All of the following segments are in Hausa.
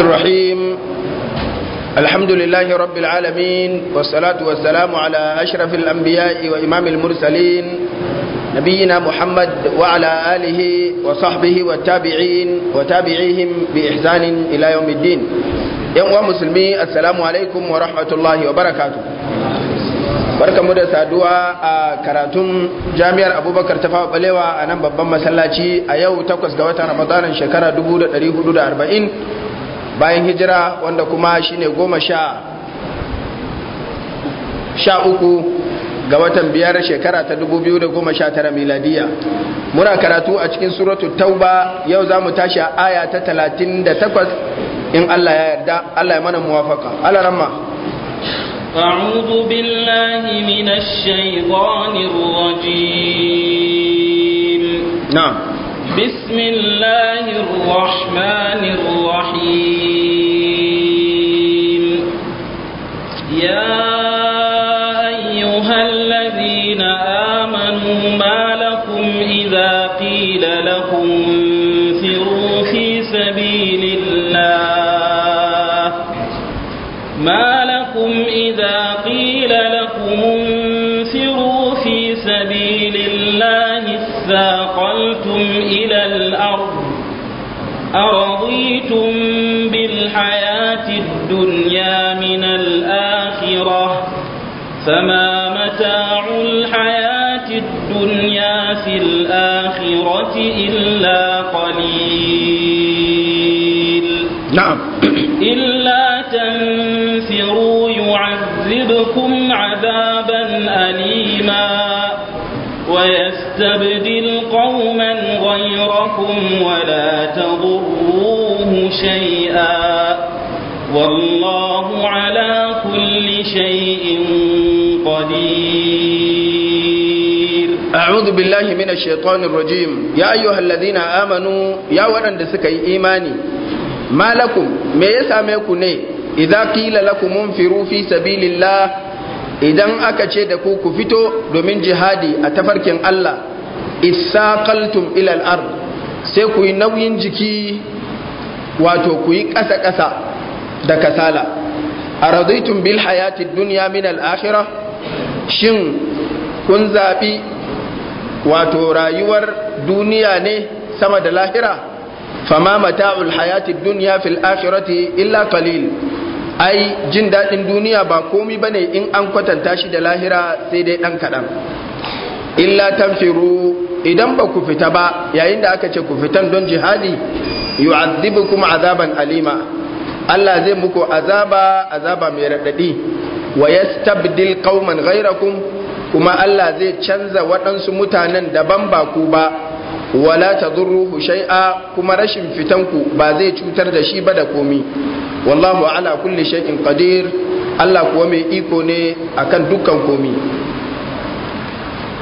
الرحيم الحمد لله رب العالمين والصلاة والسلام على أشرف الأنبياء وإمام المرسلين نبينا محمد وعلى آله وصحبه والتابعين وتابعيهم بإحسان إلى يوم الدين يوم مسلمي السلام عليكم ورحمة الله وبركاته barka mu da saduwa a karatun jami'ar abubakar ta fawa balewa a nan babban masallaci a yau 8 ga watan ramadanin shekara 1440 bayan hijira wanda kuma shi ne goma sha sha uku ga watan biyar shekara ta dubu biyu da goma sha tara miladiya muna karatu a cikin suratu tauba yau za mu tashi a aya ta talatin da takwas, in Allah ya yarda Allah ya mana muwafaka Allah ramma أعوذ بالله من الشيطان الرجيم نعم بسم الله الرحمن الرحيم يا أيها الذين آمنوا ما لكم إذا قيل لكم انفروا في سبيل الله ما لكم إذا قيل لكم انفروا في سبيل الله الثاقب نظرتم إلى الأرض أرضيتم بالحياة الدنيا من الآخرة فما متاع الحياة الدنيا في الآخرة إلا قليل نعم إلا تنفروا يعذبكم عذابا أليما ويستبدل قوما غيركم ولا تضروه شيئا والله على كل شيء قدير أعوذ بالله من الشيطان الرجيم يا أيها الذين آمنوا يا ولن دسكي إيماني ما لكم ما يسامكم إذا قيل لكم انفروا في سبيل الله idan aka ce da ku ku fito domin jihadi a tafarkin Allah isaqaltum ila al-ard sai ku yi nauyin jiki wato ku yi ƙasa ƙasa da kasala aradaitum bil hayati dunya min al-akhirah shin kun zabi wato rayuwar duniya ne sama da lahira fama mata'ul hayati dunya fil akhirati illa qalil ai jin daɗin duniya ba komi ba ne in an kwatanta shi da lahira sai dai ɗan kaɗan illa tanfiru idan ba ku fita ba yayin da aka ce ku fitan don jihadi kuma azaban alima Allah zai muku azaba azaba mai raɗaɗi wa yastabdil qauman ghairakum kuma Allah zai canza waɗansu mutanen daban ba ku ba wala ta tadurruhu shay'a kuma rashin fitanku ba zai cutar da shi ba da komi wallahu ala kulli shay'in qadir Allah kuwa mai iko ne akan dukkan komi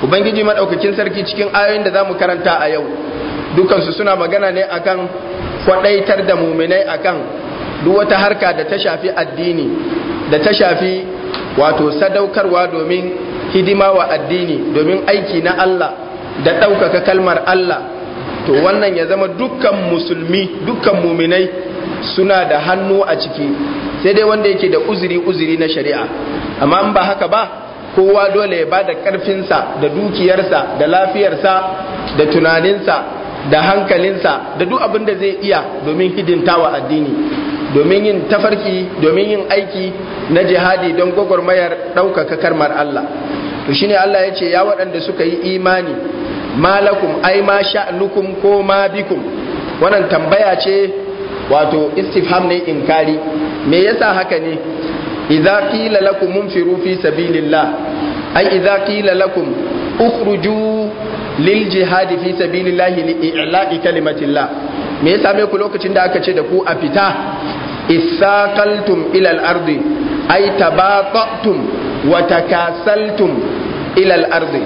ubangiji madaukakin sarki cikin ayoyin da zamu karanta a yau dukansu suna magana ne akan kwadaitar da muminai akan duk wata harka da ta shafi addini da ta shafi wato sadaukarwa domin hidima wa addini domin aiki na Allah da ɗaukaka kalmar Allah to wannan ya zama dukkan musulmi dukkan muminai suna da hannu a ciki sai dai wanda yake da uzuri uzuri na shari'a amma in ba haka ba kowa dole ya ba da ƙarfinsa da dukiyarsa da lafiyarsa da tunaninsa da hankalinsa da duk abin da zai iya domin hidinta wa addini domin yin tafarki domin yin aiki na jihadi don gwagwarmayar ɗaukaka karmar Allah to shine Allah ya ce ya waɗanda suka yi imani malakum ai ma sha'nukum ko ma bikum wannan tambaya ce wato istifham ne inkari me yasa haka ne idza qila lakum munfiru fi sabilillah ai idza qila lakum ukhruju lil jihad fi sabilillah li i'la'i kalimatillah me yasa me ku lokacin da aka ce da ku a fita isaqaltum ila al-ardi ay tabata'tum wa takasaltum ila al-ardi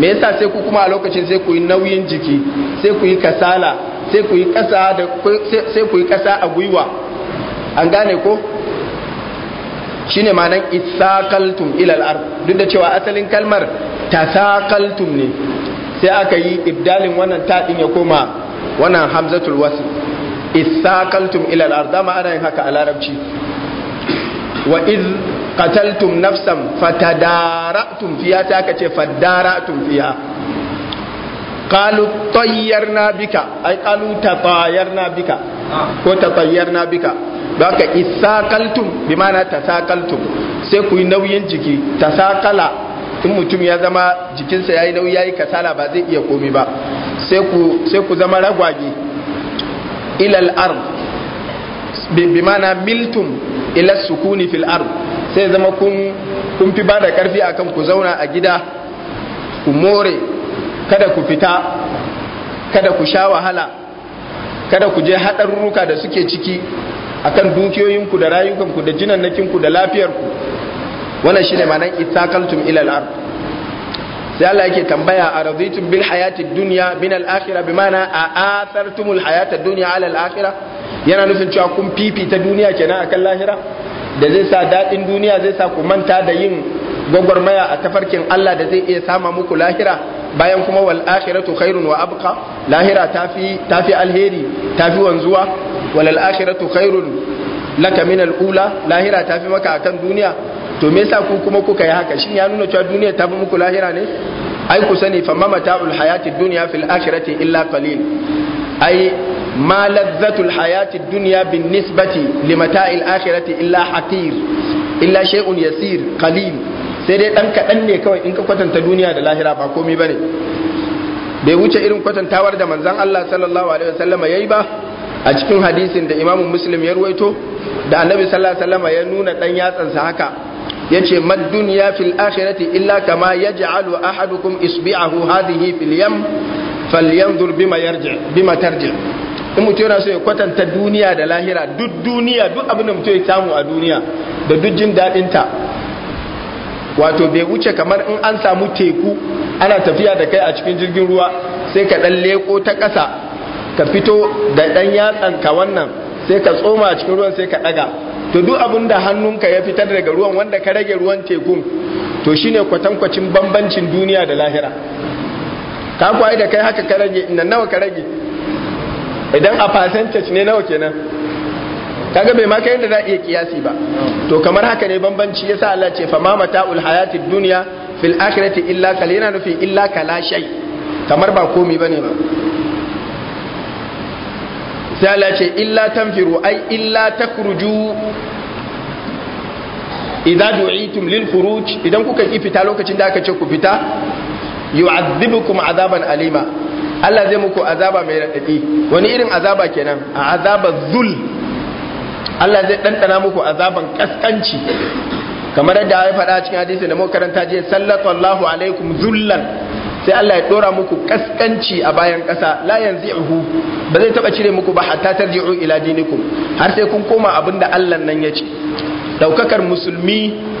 me yasa sai ku kuma a lokacin sai ku yi nauyin jiki sai ku yi kasala sai ku yi kasa da sai ku yi kasa a gwiwa an gane ko shine ma'anar isaqaltum ila al-ard duk da cewa asalin kalmar tasaqaltum ne sai aka yi ibdalin wannan ta din ya koma wannan hamzatul wasl isaqaltum ila al-ard ma ana yin haka a larabci wa iz qataltum nafsan fatadara'tum fiha ta kace fadara'tum fiha qalu tayyarna bika ay qalu tatayarna bika ko tatayarna bika don haka isakaltum bi ma'ana tasaqaltum sai ku nauyin jiki tasaqala in mutum ya zama jikinsa ya yi nauyi ya kasala ba zai iya komi ba sai ku zama ragwage ilal ard bi mana miltum ila sukuni fil ard sai zama kun fi ba da karfi akan ku zauna a gida ku more kada ku fita kada ku sha wahala kada ku je haɗarurruka da suke ciki akan dukiyoyinku da rayukanku da jinannakinku da lafiyarku wannan shine ma'anar ittakaltum ila al-ard sai Allah yake tambaya a raditum bil hayatid dunya min al bi ma'ana a athartumul hayatid dunya ala al-akhirah yana nufin cewa kun fifita duniya kenan akan lahira da zai sa daɗin duniya zai sa ku manta da yin gwagwarmaya a tafarkin Allah da zai iya sama muku lahira bayan kuma wal akhiratu khairun wa abqa lahira tafi tafi alheri tafi wanzuwa wal akhiratu khairun laka min al ula lahira tafi maka akan duniya to me yasa ku kuma kuka yi haka shin ya nuna cewa duniya ta fi muku lahira ne ai ku sani fa ma mata'ul hayati dunya fil akhirati illa qalil ai ma lazzatul hayati dunya bin nisbati li mata'il akhirati illa hatir illa shay'un yasir qalil sai dai dan kadan ne kawai in ka kwatanta duniya da lahira ba komai bane bai wuce irin kwatantawar da manzon Allah sallallahu alaihi wasallam yayi ba a cikin hadisin da imamu Muslim ya ruwaito da Annabi sallallahu alaihi wasallam ya nuna dan yatsan sa haka yace mad dunya fil akhirati illa kama yaj'alu ahadukum isbi'ahu hadhihi fil yam falyanzur bima yarji bima tarji in mutum yana so ya kwatanta duniya da lahira duk duniya duk abin da mutum ya samu a duniya da duk jin daɗin ta wato bai wuce kamar in an samu teku ana tafiya da kai a cikin jirgin ruwa sai ka ɗan leko ta ƙasa ka fito da ɗan ka wannan sai ka tsoma a cikin ruwan sai ka ɗaga to duk abin da hannunka ya fitar daga ruwan wanda ka rage ruwan tekun to shine kwatankwacin bambancin duniya da lahira ka kwaye da kai haka ka rage nan nawa ka rage idan a percentage ne nawa kenan kaga bai ma kai da za iya kiyasi ba to kamar haka ne bambanci yasa Allah ce fa mamata ul dunya fil akhirati illa kalina yana nufi illa kala shay kamar ba komai bane ba sai Allah ce illa tanfiru ai illa takruju idan du'itum lil khuruj idan kuka ki fita lokacin da aka ce ku fita yu'adhibukum azaban alima Allah zai muku azaba mai radadi wani irin azaba kenan a azaba zul Allah zai ɗanɗana muku azaban kaskanci kamar yadda ya faɗa cikin hadisi da muka karanta jiya allahu alaikum zullan sai Allah ya dora muku kaskanci a bayan ƙasa la yanzi'uhu ba zai taba cire muku ba hatta tarji'u ila dinikum har sai kun koma abinda Allah nan ya ce daukakar musulmi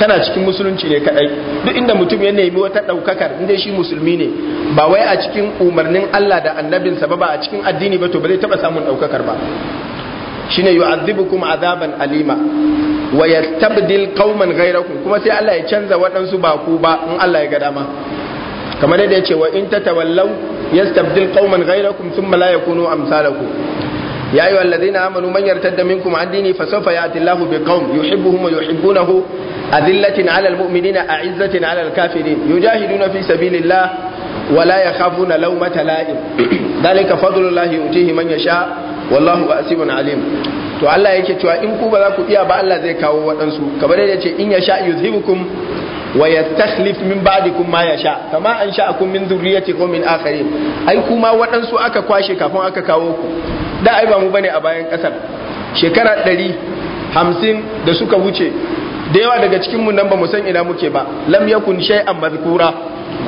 tana cikin musulunci ne kadai duk inda mutum ya nemi wata daukakar inda shi musulmi ne ba wai a cikin umarnin Allah da annabinsa ba ba a cikin addini ba to ba zai taba samun daukakar ba shine yu'adhibukum azaban alima wa yastabdil qauman ghayrakum kuma sai Allah ya canza waɗansu ba ku ba in Allah ya ga dama kamar yadda ce wa in tatawallaw yastabdil qauman ghayrakum thumma la yakunu amsalakum ya ayyuhal ladhina amanu man yartadda minkum an dini fa sawfa ya'ti Allahu biqaum yuhibbuhum wa yuhibbunahu azillatin alal mu'minina a'izzatin alal kafirin yujahiduna fi sabilillah ولا يخافون لومة لائم ذلك فضل الله يؤتيه من يشاء والله واسع عليم to Allah yake cewa in ku ba za ku iya ba Allah zai kawo waɗansu kamar yadda ce in yasha yuzhibukum wa yastakhlif min ba'dikum ma yasha kama an sha'akum min dhurriyyati qaumin akharin ai kuma waɗansu aka kwashe kafin aka kawo ku da ai ba mu bane a bayan ƙasar shekara ɗari hamsin da suka wuce da yawa daga cikin mu nan ba mu san ina muke ba lam yakun shay'an mazkura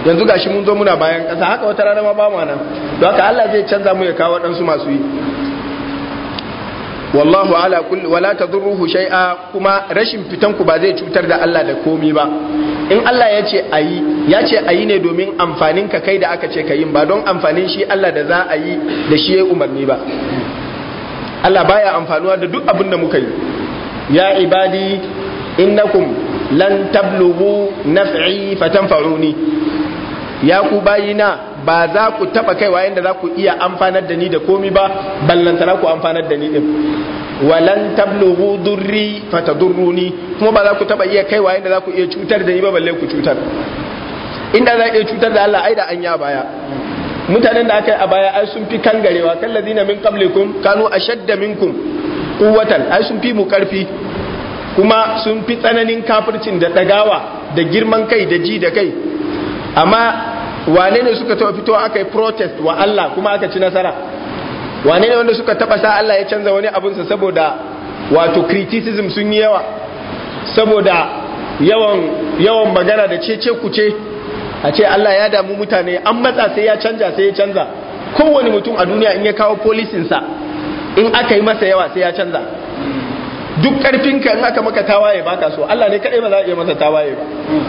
yanzu gashi mun zo muna bayan kasa haka wata rana ma ba mu nan don haka Allah zai canza mu ya kawo dan su masu yi wallahu ala kulli wala tadurruhu shay'a kuma rashin fitan ku ba zai cutar da Allah da komi ba in Allah ya ce ayi ya ce ayi ne domin amfanin ka kai da aka ce ka yin ba don amfanin shi Allah da za a yi da shi ya umarni ba Allah baya amfanuwa da duk abin da muka yi ya ibadi innakum lan tablughu naf'i fatanfa'uni ya ku bayina ba za ku taba kaiwa yanda za ku iya amfanar da ni da komi ba ballantana ku amfanar da ni din walan tablughu durri fatadurruni kuma ba za ku taba iya kaiwa yanda za ku iya cutar da ni ba balle ku cutar inda za iya cutar da Allah ai da an baya mutanen da aka yi a baya ai sun fi kangarewa kallazina min qablikum kanu ashadda minkum quwwatan ai sun fi mu karfi kuma sun fi tsananin kafircin da ɗagawa da girman kai da ji da kai amma wane ne suka taɓa fito aka yi protest wa Allah kuma aka ci nasara wane ne wanda suka taɓa sa Allah ya canza wani abinsa saboda wato criticism sun yi yawa saboda yawan yawan magana da cece kuce a ce Allah ya damu mutane an matsa sai ya canza sai ya canza kowane mutum a duniya in ya kawo polisinsa in aka yi masa yawa sai ya canza duk karfin ka in aka maka tawaye ba so Allah ne kadai ba za a iya masa tawaye ba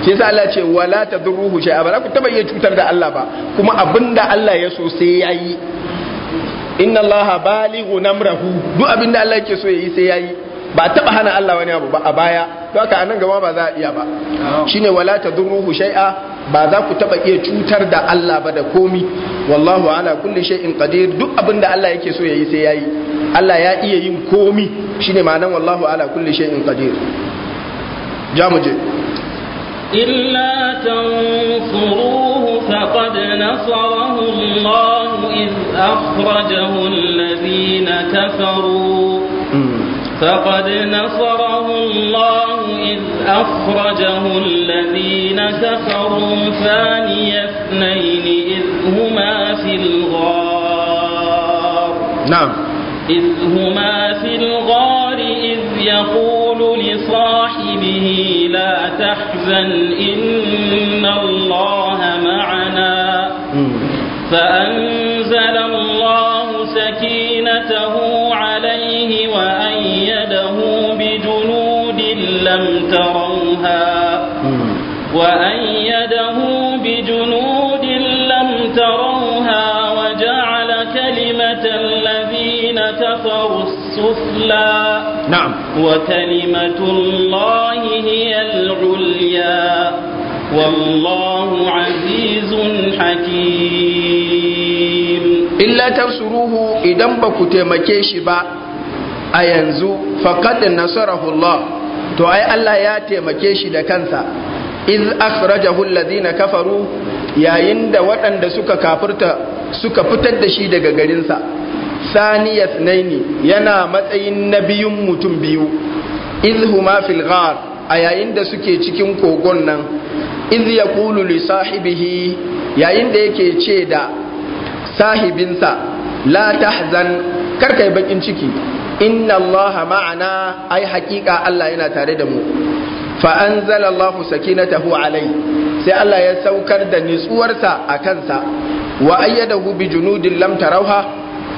shi yasa Allah ce wala tadruhu shay'a ba ku taba iya cutar da Allah ba kuma abinda Allah ya so sai yayi inna Allah balighu namrahu duk abinda Allah yake so yayi sai yayi ba taba hana Allah wani abu ba a baya to haka anan gaba ba za a iya ba shine wala tadruhu shay'a ba za ku taba iya cutar da Allah ba da komi wallahu ala kulli shay'in qadir duk abin da Allah yake so yayi sai yayi Allah ya iya yin komi shine ma'anar wallahu ala kulli shay'in qadir ja muje إلا تنصروه فقد نصره الله إذ أخرجه الذين كفروا فقد نصره الله إذ أخرجه الذين كفروا ثاني اثنين إذ هما في الغار نعم إذ هما في الغار إذ يقول لصاحبه لا تحزن إن الله معنا فأنزل الله سكينته عليه وأيده بجنود لم تروها وأيده بجنود لم تروها وجعل كلمة الذين كفروا السفلى نعم وكلمة الله هي العليا والله عزيز حكيم إلا تنصروه إذا بكتي مكيش با أينزو فقد نصره الله to ai Allah ya taimake shi da kansa iz akhrajahu alladhina kafaru yayin da waɗanda suka kafirta suka fitar da shi daga garinsa saniyas naini yana matsayin na biyun mutum biyu iz huma fil a yayin da suke cikin kogon nan ya kulu li sahibihi yayin da yake ce da sahibinsa la tahzan kar bakin ciki inna allaha ma'ana ai haƙiƙa Allah yana tare da mu fa anzala allahu sakinatahu alai sai Allah ya saukar da nitsuwarsa a kansa wa ayyadahu bi junudin lam tarauha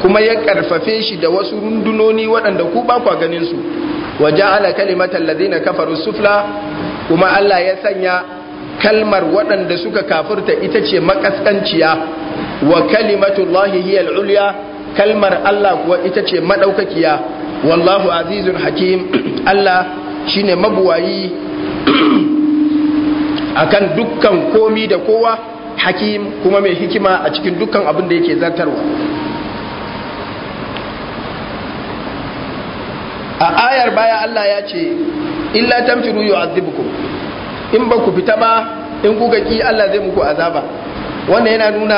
kuma ya karfafe shi da wasu rundunoni waɗanda ku ba ganin su wa ja'ala kalimatal ladina kafaru sufla kuma Allah ya sanya kalmar waɗanda suka kafirta ita ce makaskanciya wa kalimatullahi hiya al-ulya kalmar Allah kuwa ita ce madaukakiya wallahu azizun hakim Allah shine mabuwayi akan dukkan komi da kowa hakim kuma mai hikima a cikin dukkan abin da yake zartarwa a ayar baya Allah ya ce illa tamfiru yu'adhibukum in ba ku fita ba in kuka ki Allah zai muku azaba wannan yana nuna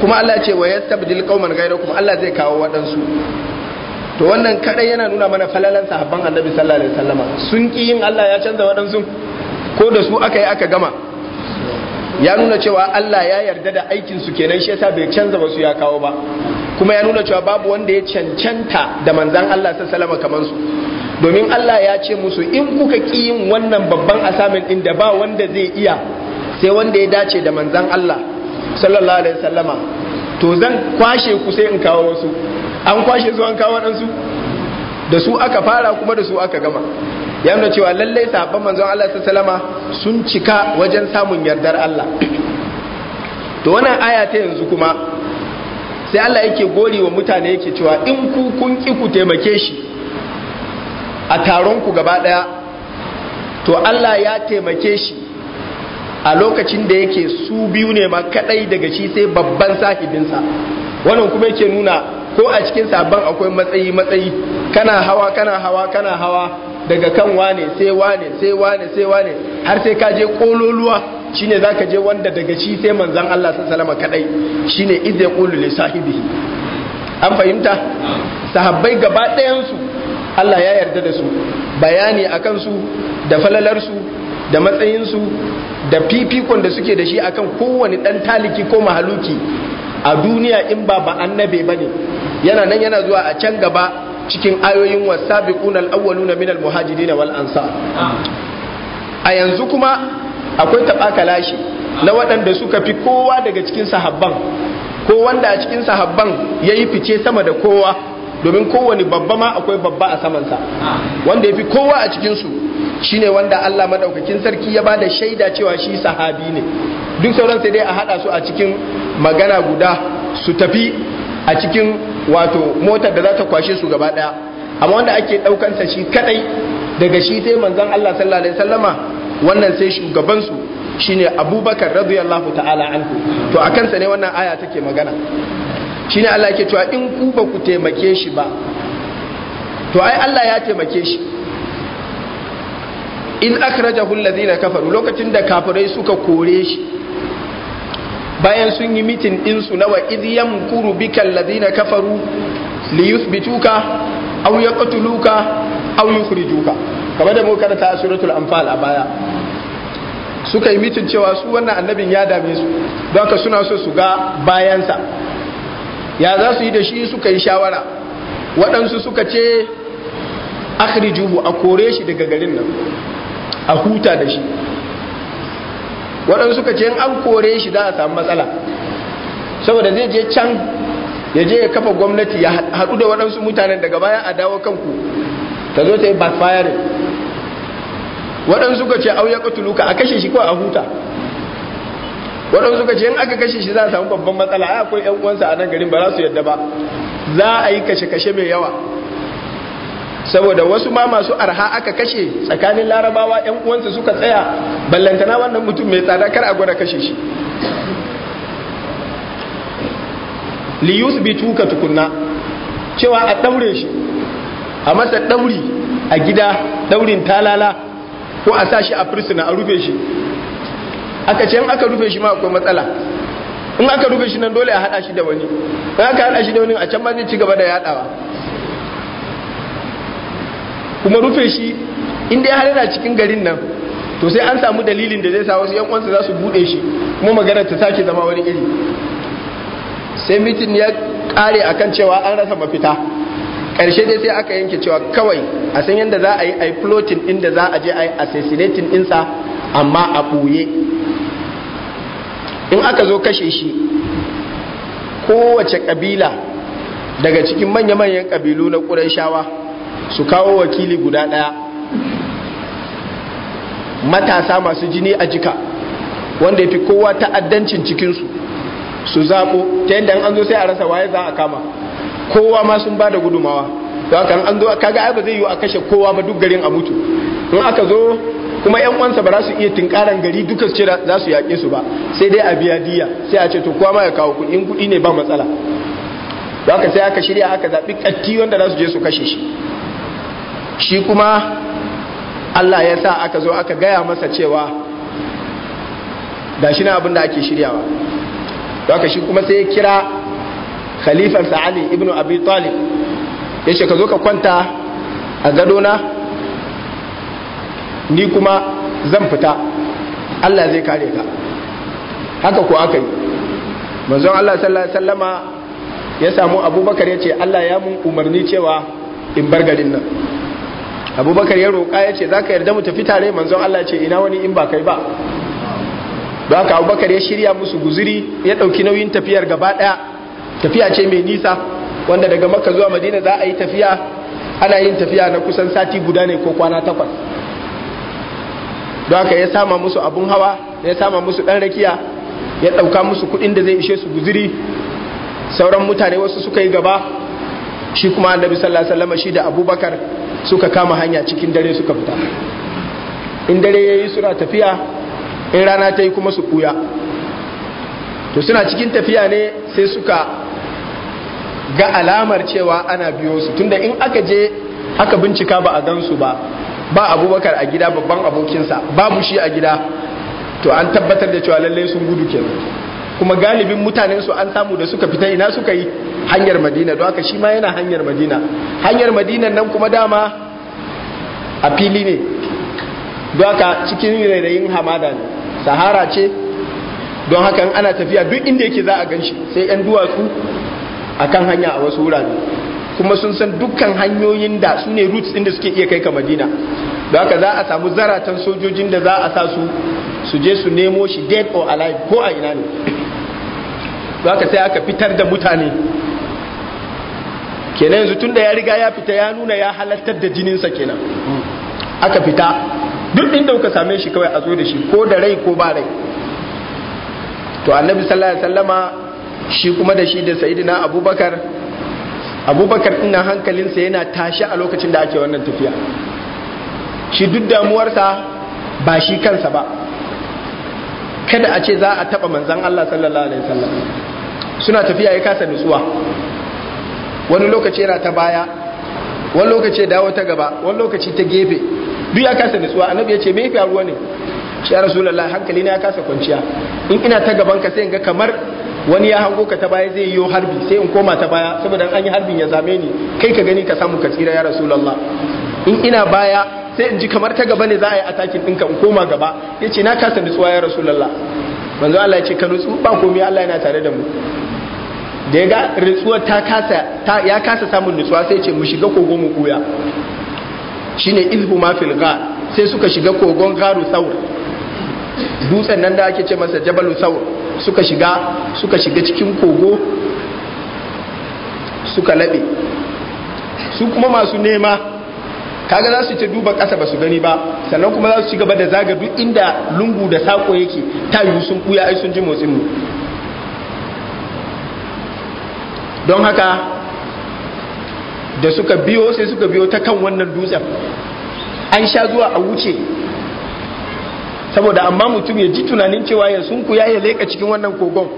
kuma Allah ce wa yastabdil qauman ghayrakum Allah zai kawo waɗansu to wannan kadai yana nuna mana falalan sahabban Annabi sallallahu alaihi wasallama sun ki yin Allah ya canza waɗansu ko da su aka yi aka gama ya nuna cewa Allah ya yarda da aikin su kenan shi yasa bai canza ba su ya kawo ba kuma ya nuna cewa babu wanda ya cancanta da manzan Allah ta salama kamar su domin Allah ya ce musu in kuka ki yin wannan babban assignment din da ba wanda zai iya sai wanda ya dace da manzan Allah sallallahu alaihi wasallama to zan kwashe ku sai in kawo wasu an kwashe su an kawo waɗansu da su aka fara kuma da su aka gama ya nuna cewa lallai sahabban manzon Allah sallama sun cika wajen samun yardar Allah to wannan aya ta yanzu kuma sai Allah yake gori wa mutane yake cewa in ku kun ki ku taimake shi a taron ku gaba daya to Allah ya taimake shi a lokacin da yake su biyu ne ma kadai daga shi sai babban sahibinsa wannan kuma yake nuna ko a cikin sabon akwai matsayi matsayi kana hawa kana hawa kana hawa daga kan wane sai wane sai wane sai wane har sai ka je kololuwa shine zaka je wanda daga shi sai manzon Allah sallallahu alaihi kadai shine idza yaqulu li sahibihi an fahimta sahabbai gaba ɗayan su Allah ya yarda da su bayani akan su da falalar su da matsayin su da fifikon da suke da shi akan kowane dan taliki ko mahaluki a duniya in ba ba annabe bane yana nan yana zuwa a can gaba cikin ayoyin wasabiquna al na minal muhajiri na wal'ansa. a yanzu kuma akwai taɓakalashi na waɗanda suka fi kowa daga cikin sahabban ko wanda a cikin sahabban yi fice sama da kowa domin kowane babba ma akwai babba a samansa wanda ya fi kowa a cikinsu ne wanda Allah madaukakin sarki ya ba da shaida cewa shi sahabi ne duk sauran sai dai a haɗa su a cikin magana guda su tafi a cikin wato motar da za ta kwashe su gaba daya amma wanda ake daukansa shi kadai daga shi sai manzon Allah sallallahu alaihi wasallama wannan sai shugaban su shine Abubakar radiyallahu ta'ala anhu to akan sa ne wannan aya take magana shine Allah yake cewa in ku ba ku taimake shi ba to ai Allah ya taimake shi in akhrajahu alladhina kafaru lokacin da kafirai suka kore shi bayan sun yi mitin ɗinsu na wa'iz kuru bika alladhina kafaru li bituka, aw yaqtuluka aw yukhrijuka kamar da mu karanta a suratul amfal a baya suka yi mitin cewa su wannan annabin ya dame su don ka suna so su ga bayansa ya za su yi da shi suka yi shawara waɗansu suka ce akhrijuhu a kore shi daga garin nan a huta da shi waɗansu suka ce an kore shi za a samu matsala saboda zai je can ya je ya kafa gwamnati ya haɗu da waɗansu mutanen daga baya a dawo kanku ta zo ta yi backfiring waɗansu suka ce auya ƙatuluka a kashe shi ko a huta waɗansu suka ce in aka kashe shi za a samu babban matsala a akwai ƴan uwansa a nan garin ba za su yadda ba za a yi kashe-kashe mai yawa saboda wasu ma masu arha aka kashe tsakanin larabawa yan uwansu suka tsaya ballantana wannan mutum mai tsada kar a gwada kashe shi li bi tuka tukunna cewa a daure shi a masa dauri a gida daurin talala ko a sa shi a fursuna a rufe shi aka ce in aka rufe shi ma akwai matsala in aka rufe shi nan dole a hada shi da wani in aka hada shi da wani a can ba zai ci gaba da yadawa kuma rufe shi inda ya yana cikin garin nan to sai an samu dalilin da zai sa wasu yan kwansa za su bude shi kuma maganar ta sake zama wani iri sai mitin ya kare akan cewa an rasa mafita karshe dai sai aka yanke cewa kawai a san yadda za a yi a floating din da za a je a yi assassinating dinsa amma a ɓoye in aka zo kashe shi kowace kabila daga cikin manya-manyan kabilu na kudan shawa su kawo wakili guda ɗaya matasa masu jini a jika wanda ya fi kowa ta'addancin cikinsu su zaɓo ta yadda an zo sai a rasa waye za a kama kowa ma sun ba da gudumawa to haka an zo kaga ai ba zai yiwu a kashe kowa ba duk garin a mutu in aka zo kuma yan uwansa ba za su iya tinkaran gari duka ce za su yaƙe su ba sai dai a biya diya sai a ce to kowa ma ya kawo kuɗi in kuɗi ne ba matsala a haka sai aka shirya aka zaɓi ƙatti wanda za su je su kashe shi shi kuma Allah ya sa aka zo aka gaya masa cewa da shi na abin da ake shiryawa da aka shi kuma sai ya kira Khalifar sa'ali ibn Abi Talib ya ce ka zo ka kwanta a gadona ni kuma zan fita Allah zai kare ka haka ko aka yi manzon Allah sallallahu ya samu abubakar ya ce Allah ya mun umarni cewa in bar garin nan abubakar ya roƙa ya ce za ka yarda mu tafi tare manzon Allah ce ina wani in ba kai ba don haka abubakar ya shirya musu guziri ya ɗauki nauyin tafiyar gaba ɗaya tafiya ce mai nisa wanda daga makka zuwa madina za a yi tafiya ana yin tafiya na kusan sati guda ne ko kwana takwas don haka ya sama musu abun hawa ya sama musu ɗan rakiya ya ɗauka musu kuɗin da zai ishe su guziri sauran mutane wasu suka yi gaba shi kuma annabi sallallahu alaihi wasallam shi da abubakar suka kama hanya cikin dare suka fita in dare yayi suna tafiya in rana ta yi kuma su buya to suna cikin tafiya ne sai suka ga alamar cewa ana biyo su tunda in aka je aka bincika ba a gansu ba ba abubakar a gida babban abokinsa babu shi a gida to an tabbatar da cewa lallai sun gudu kenan kuma galibin mutanen su an samu da suka fita ina suka yi hanyar madina don aka shi ma yana hanyar madina hanyar madina nan kuma dama a fili ne don aka cikin rairayin hamada ne sahara ce don hakan ana tafiya duk inda yake za a gan shi sai 'yan duwatsu a kan hanya a wasu wurare kuma sun san dukkan hanyoyin da su ne roots inda suke iya kai ka madina don haka za a samu zaratan sojojin da za a sa su su je su nemo shi dead or alive ko a ina ne da haka sai aka fitar da mutane kenan yanzu da ya riga ya fita ya nuna ya halattar da jininsa kenan aka fita duk inda kuka same shi kawai a zo da shi ko da rai ko ba rai to annabi sallallahu alaihi wasallama shi kuma da shi da sayyidina abubakar abubakar ina hankalinsa yana tashi a lokacin da ake wannan tafiya shi duk damuwarsa ba shi kansa ba kada a ce za a taba manzan Allah sallallahu alaihi wasallam suna tafiya ya kasa nutsuwa wani lokaci yana ta baya wani lokaci dawo ta gaba wani lokaci ta gefe duk ya kasa nutsuwa annabi ya ce me ya ruwa ne shi ya rasulullah hankali na ya kasa kwanciya in ina ta gaban ka sai in ga kamar wani ya hango ka ta baya zai yi harbi sai in koma ta baya saboda an yi harbin ya zame ni kai ka gani ka samu ka tsira ya rasulullah in ina baya sai in ji kamar ta gaba ne za a yi atakin ɗinka in koma gaba ya ce na kasa nutsuwa ya rasulullah manzo Allah ya ce ka nutsu ba komai Allah yana tare da mu da ya ga rutsuwar ya kasa samun nutsuwa sai ce mu shiga kogo mu kuya ne izhuma fil ghar sai suka shiga kogon garu saur dutsen nan da ake ce masa jabalu saur suka shiga suka shiga cikin kogo suka labe su kuma masu nema kaga za su ce duba ƙasa ba su gani ba sannan kuma za su ci gaba da zaga duk inda lungu da sako yake ta yi sun kuya ai sun ji motsin mu don haka da suka biyo sai suka biyo ta kan wannan dutsen an sha zuwa a wuce saboda amma mutum ya ji tunanin cewa ya sunku ya leka cikin wannan kogon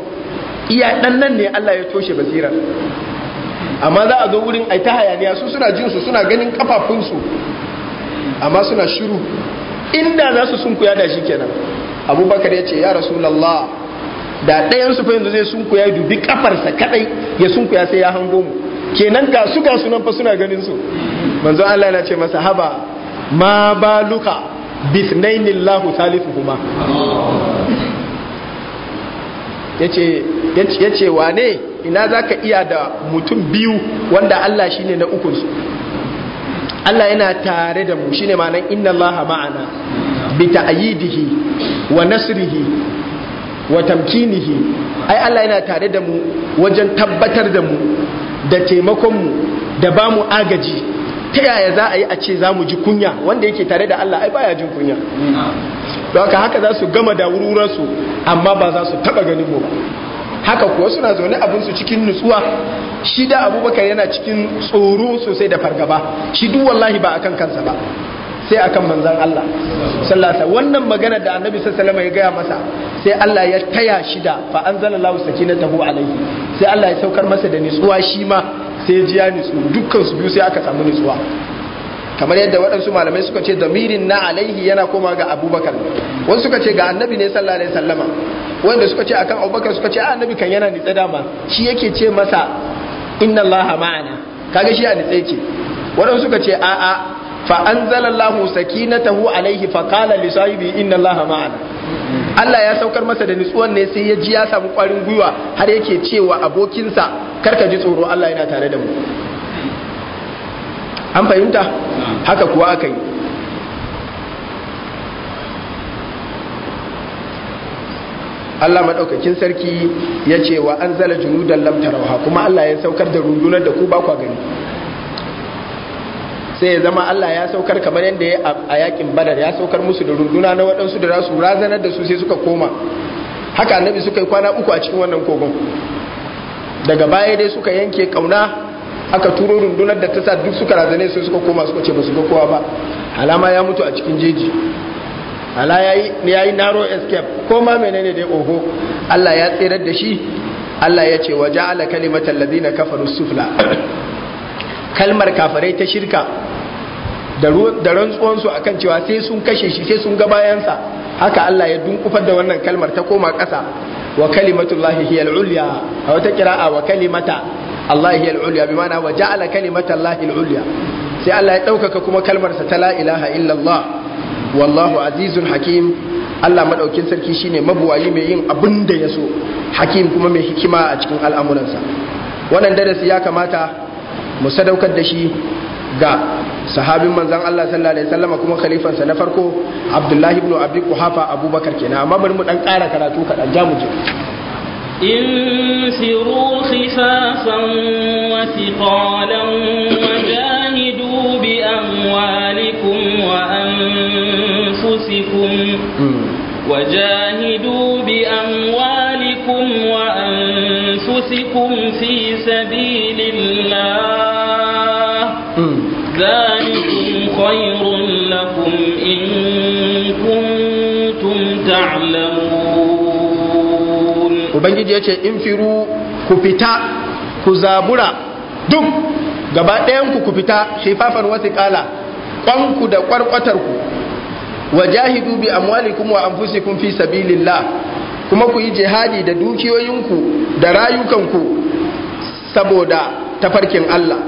iya dan nan ne Allah ya toshe basira. amma za a zo wurin ai ta hayaniya su suna jin su suna ganin kafafunsu amma suna shiru inda za su sunku ya da shi kenan abubakar ya ce ya rasulallah da ɗayan su fa yanzu zai sunkuya dubi kafarsa kadai ya sunkuya sai ya hango mu kenan ga su nan sunan fa suna ganin su manzo Allah yana ce masa haba ma baluka bithnaini Allahu thalithuhuma yace yace wane ina zaka iya da mutum biyu wanda Allah shine na ukun su Allah yana tare da mu shine ma'anar inna Allah ma'ana bi ta'yidihi wa nasrihi wa tamkinihi ai Allah yana tare da mu wajen tabbatar da mu da taimakon mu da ba mu agaji ta yaya za a yi a ce za mu ji kunya wanda yake tare da Allah ai baya jin kunya don haka za su gama da wururansu amma ba za su taba ganin mu ba haka kuwa suna zaune su cikin nutsuwa shi da abubakar yana cikin tsoro sosai da fargaba shi duk wallahi ba akan kansa ba sai akan manzan Allah sallasa wannan magana da annabi sallama ya gaya masa sai Allah ya taya shi da fa anzalallahu sakinatahu alaihi sai Allah ya saukar masa da nitsuwa shi ma sai ji ya nitsu dukkan su biyu sai aka samu nitsuwa kamar yadda waɗansu malamai suka ce damirin na alaihi yana koma ga abubakar wasu suka ce ga annabi ne sallallahu alaihi wasallam wanda suka ce akan abubakar suka ce ah, annabi kan yana nitsa dama shi yake ce masa inna allaha ma'ana kaga shi a nitsa yake waɗansu suka ce a'a fa anzalallahu sakinatahu alaihi fa kala li sahibi inna ma'an. Allah ya saukar masa da nutsuwan ne sai ya ji ya samu kwarin gwiwa har yake cewa abokinsa karka ji tsoro Allah yana tare da mu an fahimta haka kuwa aka yi Allah maɗaukakin sarki ya ce wa an zala junudan lamtarauha kuma Allah ya saukar da rundunar da ku ba kwa gani sai ya zama Allah ya saukar kamar yadda ya a yakin badar ya saukar musu da runduna na waɗansu da rasu razanar da su sai suka koma haka annabi suka yi kwana uku a cikin wannan kogon daga baya dai suka yanke kauna aka turo rundunar da ta sa duk suka razane sai suka koma suka ce ba su ga kowa ba alama ya mutu a cikin jeji ala ya yi naro escape ko ma menene dai oho Allah ya tsirar da shi Allah ya ce waje ala kalimatar na kafaru sufla kalmar kafirai ta shirka da rantsuwansu a kan cewa sai sun kashe shi sai sun ga bayansa haka Allah ya dunkufar da wannan kalmar ta koma ƙasa wa kalimatullahi hiya ulya a wata kira'a wa kalimata Allah hiya al-ulya bi ma'ana wa ja'ala kalimata Allah al-ulya sai Allah ya ɗaukaka kuma kalmarsa ta la ilaha illallah wallahu azizun hakim Allah madaukin sarki shine mabuwayi mai yin abin da ya so hakim kuma mai hikima a cikin al'amuransa wannan darasi ya kamata mu sadaukar da shi ga sahabin manzan Allah sallallahu alaihi wasallam kuma khalifansa na farko Abdullahi ibn Abi Quhafa Abubakar kenan amma bari mu dan kara karatu kadan jamu mu je infiru khifafan wa thiqalan wajahidu bi amwalikum wa anfusikum hmm. wa أنفسكم في سبيل الله ذلكم خير لكم إن كنتم تعلمون وبنجي انفروا كفتا كزابرا دم gaba ɗayanku ku fita shifafan wasu ƙala ƙwanku da ƙwarƙwatarku wa jahidu bi amwalikum wa anfusikum fi sabilillah kuma ku yi jihadi da dukiyoyinku da rayukanku saboda tafarkin Allah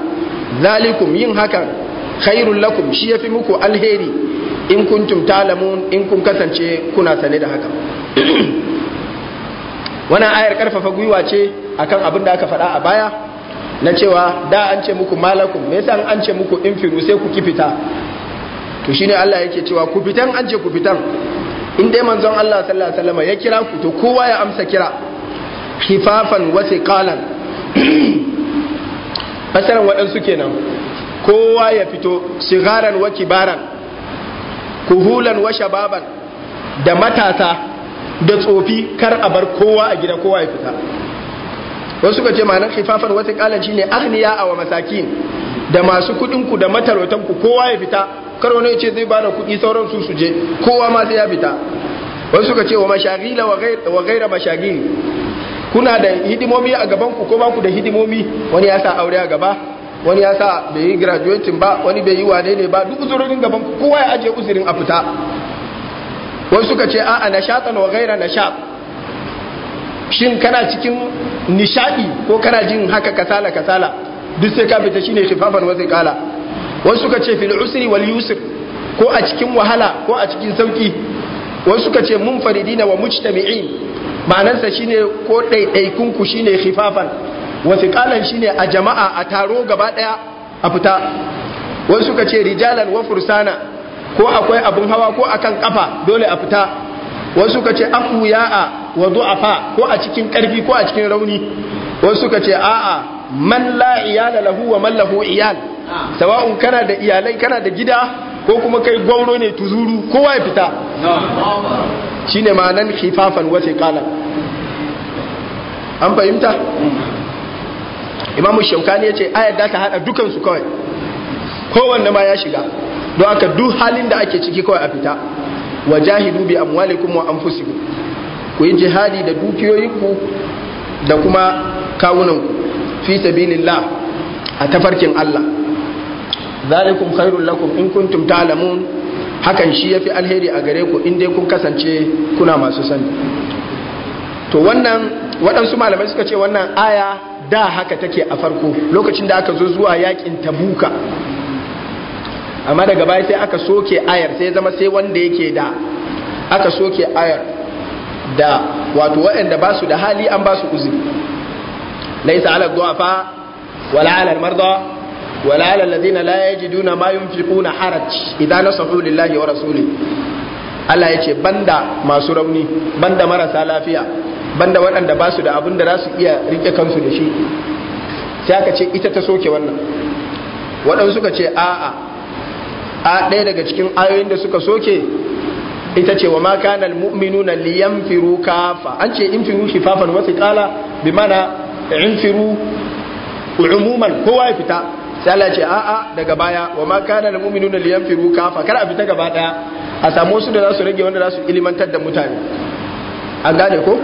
zalikum yin hakan khairul lakum shi yafi muku alheri in kuntum talamun in kun kasance kuna sane da haka wannan ayar karfafa gwiwa ce akan abin da aka faɗa a baya na cewa da an ce muku malakum me yasa an ce muku infiru sai ku kifita to shine Allah yake cewa ku fitan an ce ku fitan in dai manzon Allah sallallahu alaihi wasallam ya kira ku to kowa ya amsa kira khifafan wa thiqalan fasaran waɗansu kenan kowa ya fito sigaran wa kibaran kuhulan wa shababan da matasa da tsofi kar a bar kowa a gida kowa ya fita wasu ka ce ma'anar khifafan wa thiqalan shine aghniya wa masakin da masu kuɗinku ku da matalautan ku kowa ya fita kar wani ce zai bada kuɗi sauran su su je kowa ma sai ya fita wani suka ce wa mashagila wa gaira mashagili kuna da hidimomi a gaban ku ko ba ku da hidimomi wani ya sa aure a gaba wani ya sa bai yi graduating ba wani bai yi wane ne ba duk uzurorin gaban ku kowa ya ajiye uzurin a fita wani suka ce a'a nashatan wa gaira nashat shin kana cikin nishadi ko kana jin haka kasala kasala duk sai ka fita shine shifafan wa kala wasu suka ce fil usri wal yusr ko a cikin wahala ko a cikin sauki wasu suka ce munfaridina wa mujtami'in ma'anarsa shine ko ɗaiɗaikun ku shine khifafan wa thiqalan shine a jama'a a taro gaba daya a fita wasu suka ce rijalan wa fursana ko akwai abun hawa ko akan kafa dole a fita wasu suka ce afuya'a wa du'afa ko a cikin karfi ko a cikin rauni wasu suka ce a'a man la iyala lahu wa man lahu iyal sawa'un kana da iyalai kana da gida ko kuma kai gwauro ne tuzuru kowa ya fita shine ma'anan khifafan wa thiqala an fahimta imamu shaukani yace ayar da ta hada dukan su kawai kowanne ma ya shiga don aka duk halin da ake ciki kawai a fita wajahidu bi amwalikum wa anfusikum ku yi jihadi da dukiyoyinku da kuma kawunanku fi sabilillah a tafarkin Allah zalikum khairul lakum in kuntum ta'lamun hakan shi yafi alheri a gare ku in dai kun kasance kuna masu sani to wannan waɗansu malamai suka ce wannan aya da haka take a farko lokacin da aka zo zuwa yakin tabuka amma daga baya sai aka soke ayar sai zama sai wanda yake da aka soke ayar da wato waɗanda ba su da hali an ba su uzuri ليس على الضعفاء ولا على المرضى ولا على الذين لا يجدون ما ينفقون حرج اذا نصحوا لله ورسوله Allah ya ce banda masu rauni banda marasa lafiya banda waɗanda ba su da abin da za su iya rike kansu da shi sai aka ce ita ta soke wannan waɗansu suka ce a'a a ɗaya daga cikin ayoyin da suka soke ita ce wa ma kana almu'minuna liyamfiru kafa an ce infiru shifafan wa kala bi mana infiru umuman kowa ya fita sai Allah ce a'a daga baya wa ma kana lil mu'minuna liyanfiru kafa kar a fita gaba daya a samu wasu da za su rage wanda za su ilimantar da mutane an gane ko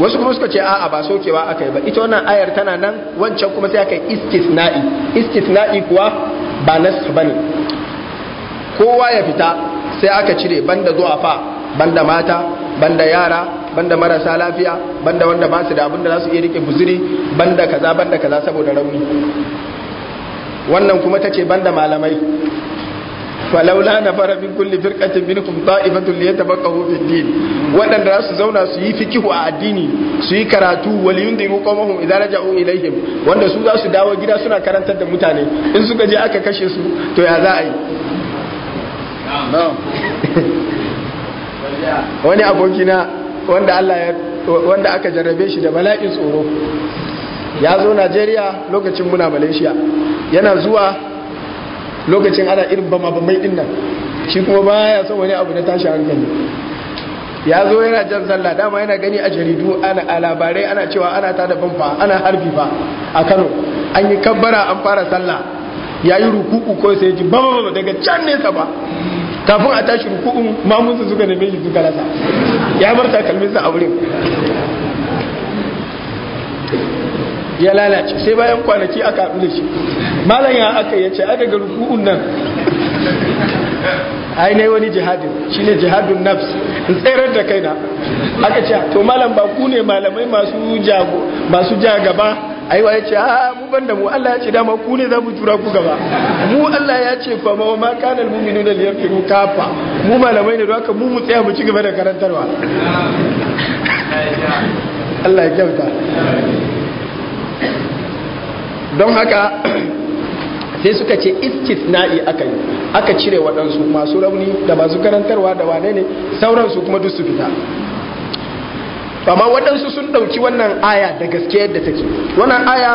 wasu kuma suka ce a'a ba sokewa akai ba ita wannan ayar tana nan wancan kuma sai aka yi istisna'i istisna'i kuwa ba nas bane kowa ya fita sai aka cire banda zuwa fa banda mata banda yara banda marasa lafiya banda wanda ba su da abin da za su iya rike buzuri banda kaza banda kaza saboda rauni wannan kuma tace banda malamai falaula na fara min kulli firqatin minkum li liyatafaqqahu fi din wadanda su zauna su yi fikihu a addini su yi karatu wal yundiru qawmuhum idza raja'u ilayhim wanda su za su dawo gida suna karantar da mutane in suka je aka kashe su to ya za a yi wani abokina wanda Allah ya wanda aka jarrabe shi da bala'in tsoro ya zo Najeriya lokacin muna Malaysia yana zuwa lokacin ana irin bama bamai din nan shi kuma baya son wani abu na tashi hankali ya zo yana jan zalla dama yana gani a jaridu ana a labarai ana cewa ana ta da famfa ana harbi fa a Kano an yi kabbara an fara sallah ya yi rukuku, ko sai ji bama daga can nesa ba kafin a tashi ruku'un mamunsu suka da shi zuga lasa ya bar takalminsa a wurin ya lalace sai bayan kwanaki aka haɗu da shi malam ya aka yace a daga ruku'un nan ai yi wani jihadin shi ne jihadin nafs in tsayar da kaina aka ce to malam ba ku ne malamai masu jago masu jagaba aiwa ya ce a ah, mu ban da mu Allah ya ce dama ku ne za mu jura ku gaba mu Allah ya ce fa ma ma kana almu'minu da yafiru kafa mu malamai ne don haka mu mu tsaya mu ci gaba da karantarwa Allah ya kyauta don haka sai suka ce istisna'i aka yi aka cire waɗansu masu rauni da masu karantarwa da wane ne sauransu kuma duk su fita amma waɗansu sun ɗauki wannan aya da gaske yadda take wannan aya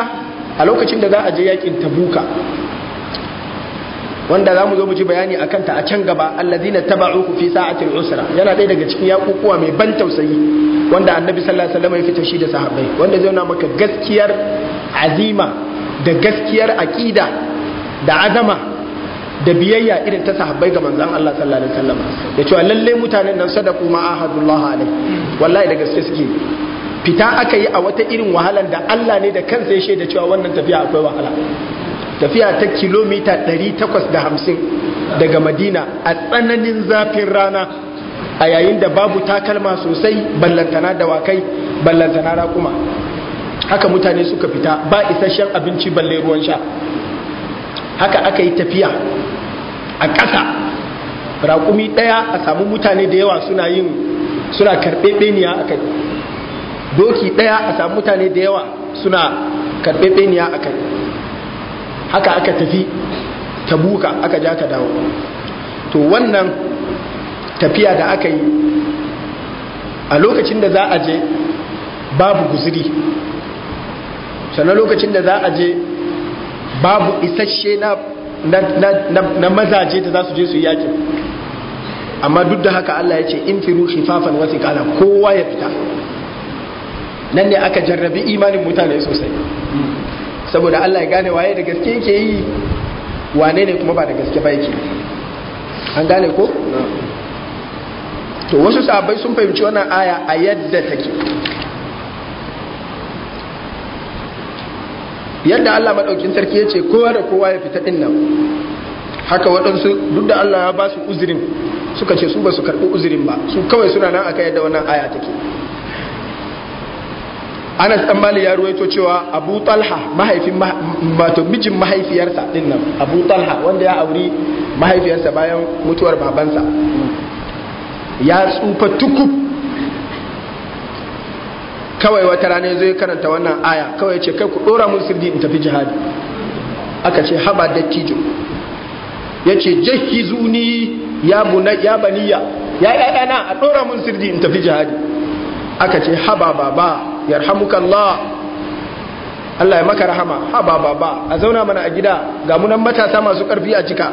a lokacin da za a je yakin tabuka wanda za mu zo mu ji bayani a kanta a can gaba allazina taba'uku fi sa'atil usra yana ɗaya daga cikin yakukuwa mai ban tausayi wanda annabi sallallahu alaihi wasallam ya fitar shi da sahabbai wanda zai nuna maka gaskiyar azima da gaskiyar aqida da azama da biyayya irin ta sahabbai ga manzon Allah sallallahu alaihi wasallam da cewa lalle mutanen nan sadaku ma ahadullah alaihi wallahi da gaske suke fita aka yi a wata irin wahalan da Allah ne da kansa ya shaida cewa wannan tafiya akwai wahala tafiya ta kilomita 850 daga madina a tsananin zafin rana a yayin da babu takalma sosai ballantana dawakai ballantana rakuma haka mutane suka fita ba isasshen abinci balle ruwan sha haka aka yi tafiya a ƙasa raƙumi ɗaya a samu mutane da yawa suna yin suna karɓeɓeniya a kai doki ɗaya a samu mutane da yawa suna karɓeɓeniya a kai haka aka tafi tabuka aka ja ka dawo to wannan tafiya da aka yi a lokacin da za a je babu guziri sannan lokacin da za a je babu isasshe na mazaje da za su je su yi yakin amma duk da haka Allah ya ce in firu shifafan wasu kala kowa ya fita nan ne aka jarrabi imanin mutane sosai saboda Allah ya gane waye da gaske yake yi wane ne kuma ba da gaske ba yake an gane ko to wasu sabai sun fahimci wannan aya a yadda take yadda Allah maɗaukin sarki ya ce kowa da kowa ya fita din nan haka waɗansu duk da Allah ya ba su uzurin suka ce su ba su karɓi uzurin ba su kawai suna nan aka yadda wannan aya take Anas dan ya ruwaito cewa Abu Talha mahaifin mato mijin mahaifiyarsa din nan Abu Talha wanda ya auri mahaifiyarsa bayan mutuwar babansa ya tsufa tukub kawai wata rana zai karanta wannan aya kawai ce kai ku ɗora mun sirdi in tafi jihadi aka ce haba dattijo ya ce jahizuni ya baniya ya na a ɗora mun sirdi in tafi jihadi aka ce haba baba yarhamukallah Allah ya maka rahama haba baba a zauna mana a gida ga munan matasa masu ƙarfi a jika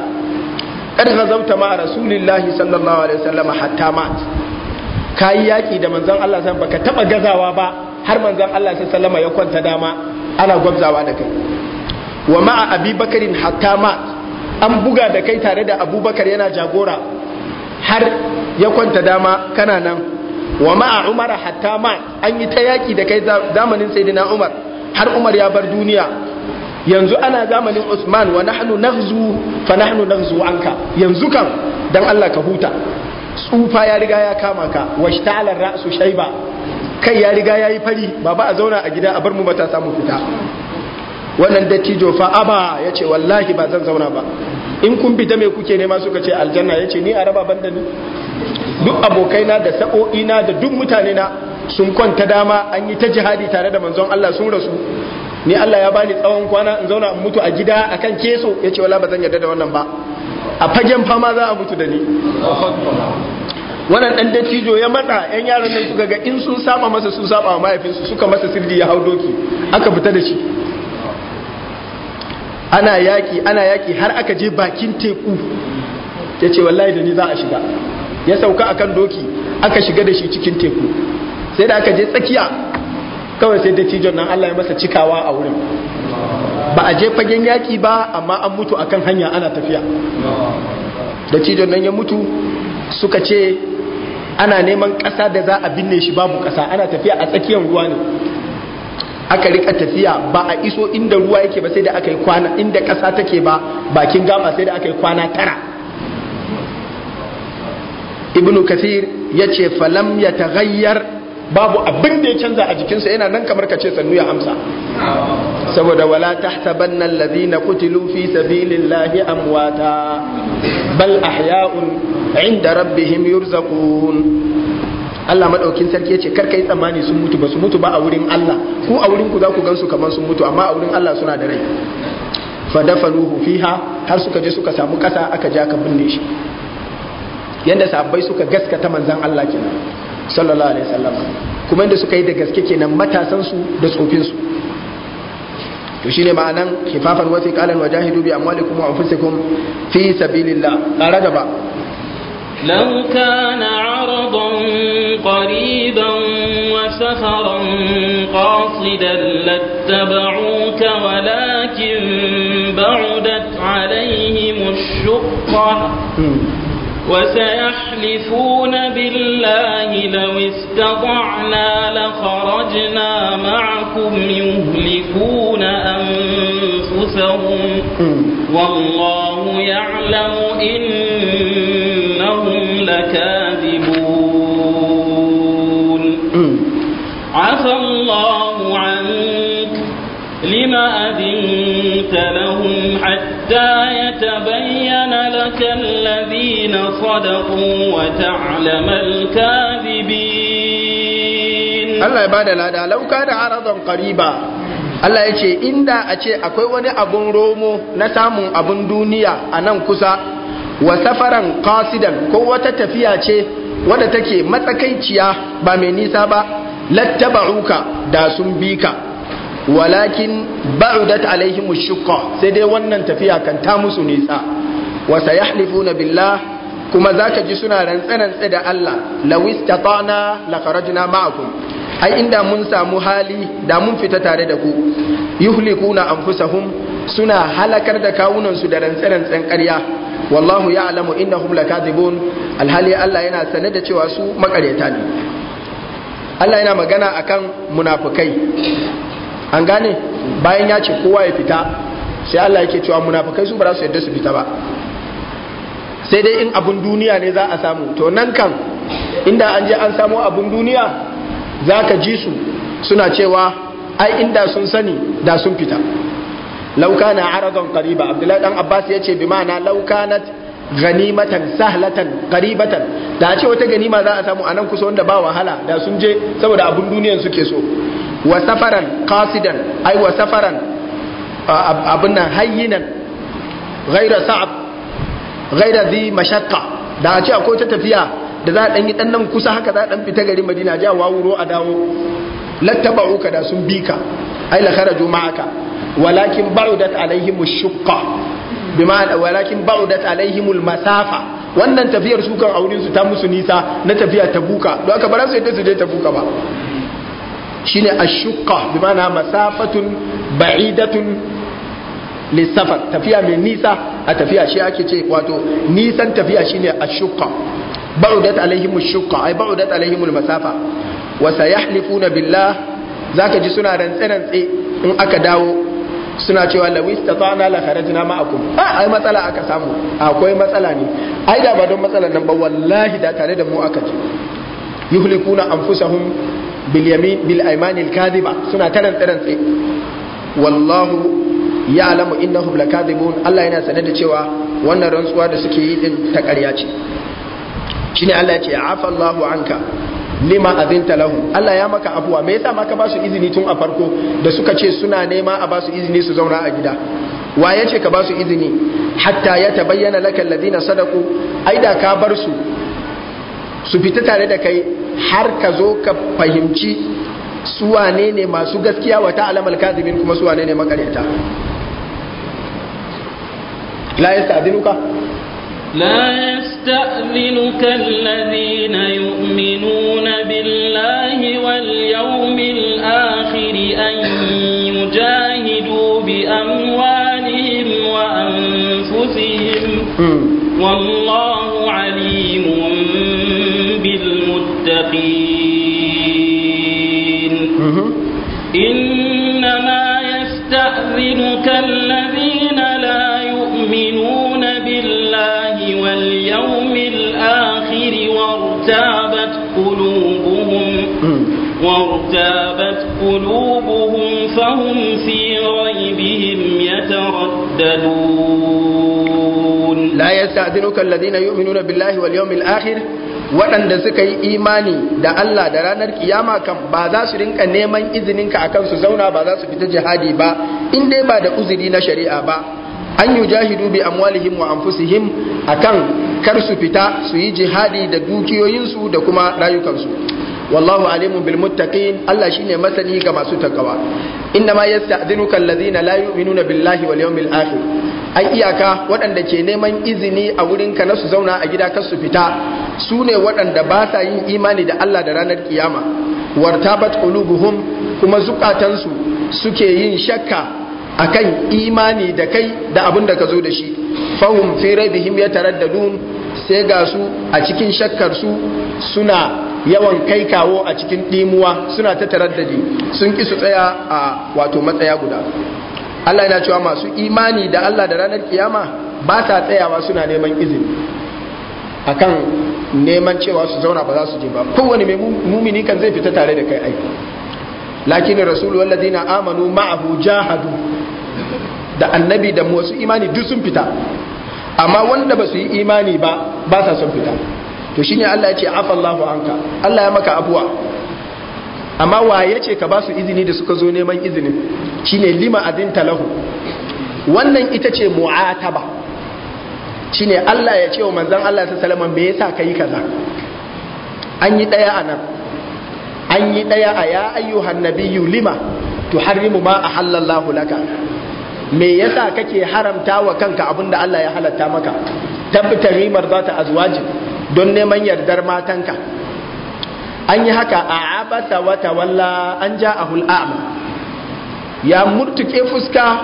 ka zauta ma a sallallahu alaihi wasallam hatta mat ka yi yaƙi da manzon Allah san baka taɓa gazawa ba har manzon Allah sai sallama ya kwanta dama ana gwabzawa da kai wa ma'a Bakarin hatta ma an buga da kai tare da abubakar yana jagora har ya kwanta dama kana nan wa ma'a umara hatta ma an yi ta yaƙi da kai zamanin sayyidina umar har umar ya bar duniya yanzu ana zamanin Usman wa nahnu nahzu fa nahnu nahzu anka yanzu kan dan Allah ka huta tsufa ya riga ya kama ka washta'ala ra'su ba, kai ya riga ya yi fari ba ba a zauna a gida a bar mu ba ta samu fita wannan dattijo fa aba ce wallahi ba zan zauna ba in kun bi ta me kuke nema suka ce aljanna ya ce ni a raba banda ni duk abokaina da sa'o'ina da duk mutane na sun kwanta dama an yi ta jihadi tare da manzon Allah sun rasu ni Allah ya bani tsawon kwana in zauna in mutu a gida akan keso ya wallahi ba zan yarda da wannan ba a fagen fama za a mutu da ni wannan dan dattijo ya mata yan yaran nan suka ga in sun saba masa sun saba wa mahaifinsu suka masa sirri ya hau doki aka fita da shi ana yaki ana yaki har aka je bakin teku ya ce wallahi da ni za a shiga ya sauka akan doki aka shiga da shi cikin teku sai da aka je tsakiya kawai sai dattijon nan Allah ya masa cikawa a wurin ba a je fagen yaƙi ba amma an mutu akan hanya ana tafiya da cijon nan ya mutu suka ce ana neman ƙasa da za a binne shi babu ƙasa ana tafiya a tsakiyar ruwa ne aka rika tafiya ba a iso inda ruwa yake ba sai da aka yi kwana inda ƙasa take ba bakin gama sai da aka yi kwana tara ibnu kathir yace ce falam ya babu abin da ya canza a jikinsa yana nan kamar ka ce sannu ya amsa saboda wala tahtabanna alladhina qutilu fi sabilillahi amwata bal ahya'un 'inda rabbihim yurzaqun Allah madaukin sarki yace kar kai tsammani sun mutu ba su mutu ba a wurin Allah ku a wurin ku za ku gansu kamar sun mutu amma a wurin Allah suna da rai fadafaluhu fiha har suka je suka samu kasa aka ja ka binne shi Yadda sabbai suka gaskata manzon Allah kenan sallallahu alaihi wasallam kuma inda suka yi da gaske kenan matasansu da tsofinsu to shine ma'anan kifafan wa thiqalan wa jahidu bi amwalikum wa anfusikum fi sabilillah tare gaba لو كان عرضا قريبا وسفرا قاصدا لاتبعوك ولكن بعدت عليهم الشقة وسيحلفون بالله لو استطعنا لخرجنا معكم يهلكون أنفسهم والله يعلم إنهم لكاذبون عفى الله عنك لما أذنت لهم حتى حتى يتبين لك الذين صدقوا وتعلم الكاذبين الله يبعد لنا لو كان عرضا قريبا Allah ya ce inda a ce akwai wani abun romo na samun abun duniya a nan kusa wa safaran qasidan ko wata tafiya ce wadda take matsakaiciya ba mai nisa ba lattaba'uka da sun bi ka walakin ba'udat alaihim shuka, sai dai wannan tafiya kan ta musu nisa wa sayahlifuna billah kuma zaka ji suna rantsanantsa da Allah law istata'na la kharajna ma'akum ai inda mun samu hali da mun fita tare da ku yuhlikuna anfusahum suna halakar da kawunan su da rantsanantsan ƙarya wallahu ya'lamu innahum lakazibun alhali Allah yana sane da cewa su makaryata ne Allah yana magana akan munafukai an gane bayan ya ce kowa ya fita sai Allah yake cewa munafikai su ba za su yadda su fita ba sai dai in abun duniya ne za a samu to nan kan inda an je an samu abun duniya za ka ji su suna cewa ai inda sun sani da sun fita lauka na aradon kariba abdullahi dan abbas ya ce bi ma'ana lauka na ganimatan sahlatan karibatan da ce wata ganima za a samu a nan kusa wanda ba wahala da sun je saboda abun duniyan suke so wa safaran qasidan ai wa safaran abin nan hayyinan ghaira sa'ab dhi mashaqqa da a ce akwai ta tafiya da za a dan yi dan nan kusa haka za a dan fita gari Madina ja wawuro a dawo lattaba'uka da sun bika ai la kharaju ma'aka walakin ba'udat alaihim ash-shaqqa bima walakin ba'udat alaihim al-masafa wannan tafiyar su kan aurin su ta musu nisa na tafiya buka don aka bara su yadda su je ta buka ba shine ashukka bi ma'ana masafatun ba'idatun lissafar tafiya mai nisa a tafiya shi ake ce wato nisan tafiya shine ashukka ba'udat alaihim ashukka ai ba'udat alaihim almasafa wa sayahlifuna billah zaka ji suna rantse rantse in aka dawo suna cewa lawi istata'na la kharajna ma'akum a ai matsala aka samu akwai matsala ne ai da ba don matsala nan ba wallahi da tare da mu aka ji yuhlikuna anfusahum Bilyamin yamin bil aymanil kadhiba suna taran taran tsaye wallahu ya'lamu innahum lakadibun Allah yana sanar da cewa wannan rantsuwa da suke yi din ta ƙarya ce shine Allah ya ce afa anka lima azinta lahum Allah ya maka afuwa me yasa maka ba su izini tun a farko da suka ce suna nema a ba su izini su zauna a gida wa ya ce ka ba su izini hatta ya ta bayyana tabayyana na alladhina ai da ka bar su su fita tare da kai har ka zo ka fahimci su wane ne masu gaskiya wa ta'alam al kuma su wane ne makaryata la yasta'dinuka la yasta'dinuka alladhina yu'minuna billahi wal yawmil akhiri an yujahidu bi amwalihim wa anfusihim hmm. wallahu alimun المتقين إنما يستأذنك الذين لا يؤمنون بالله واليوم الآخر وارتابت قلوبهم وارتابت قلوبهم فهم في ريبهم يترددون لا يستأذنك الذين يؤمنون بالله واليوم الآخر waɗanda suka yi imani da Allah da ranar kiyama kan ba za su rinka neman izininka akan su zauna ba za su fita jihadi ba in dai ba da uzuri na shari'a ba an yi jahidu bi amwalihim wa anfusihim akan kar su fita su yi jihadi da dukiyoyinsu da kuma rayukansu wallahu alimun bil muttaqin Allah shine masani ga masu takawa inna ma lazina alladhina la yu'minuna billahi wal yawmil akhir ai iyaka waɗanda ke neman izini a wurin na su zauna a gida kasu su fita su ne waɗanda ba sa yin imani da Allah da ranar kiyama wartabat buhum kuma zukatansu suke yin shakka akan imani da kai da abin da ka zo da shi fahum fi raibihim yataraddadun sai ga su a cikin shakkar su suna yawan kai kawo a cikin dimuwa suna ta taraddadi sun ki su tsaya a wato matsaya guda Allah yana cewa masu imani da Allah da ranar kiyama ba ta tsayawa suna neman izini akan neman cewa su zauna ba za su je ba kowane mai mumini kan zai fita tare da kai aiki lakini rasulu na amanu ma'ahu jahadu da annabi da wasu imani duk sun fita amma wanda ba su yi imani ba ba sa son fita to shi ne Allah ya ce afallahu anka Allah ya maka abuwa amma waye ce ka ba su izini da suka zo neman izinin shine lima adin talahu. wannan ita ce mu'ataba shine Allah ya ce wa manzon Allah sallallahu alaihi me yasa kai kaza an yi daya anan an yi daya a ya ayyuhan nabiyyu lima tuharrimu ma ahallallahu laka me yasa kake haramta wa kanka da Allah ya halatta maka tabbata rimar zata azwaji don neman yardar matanka an yi haka a abata wata walla an ja a hul'ama ya murtuke fuska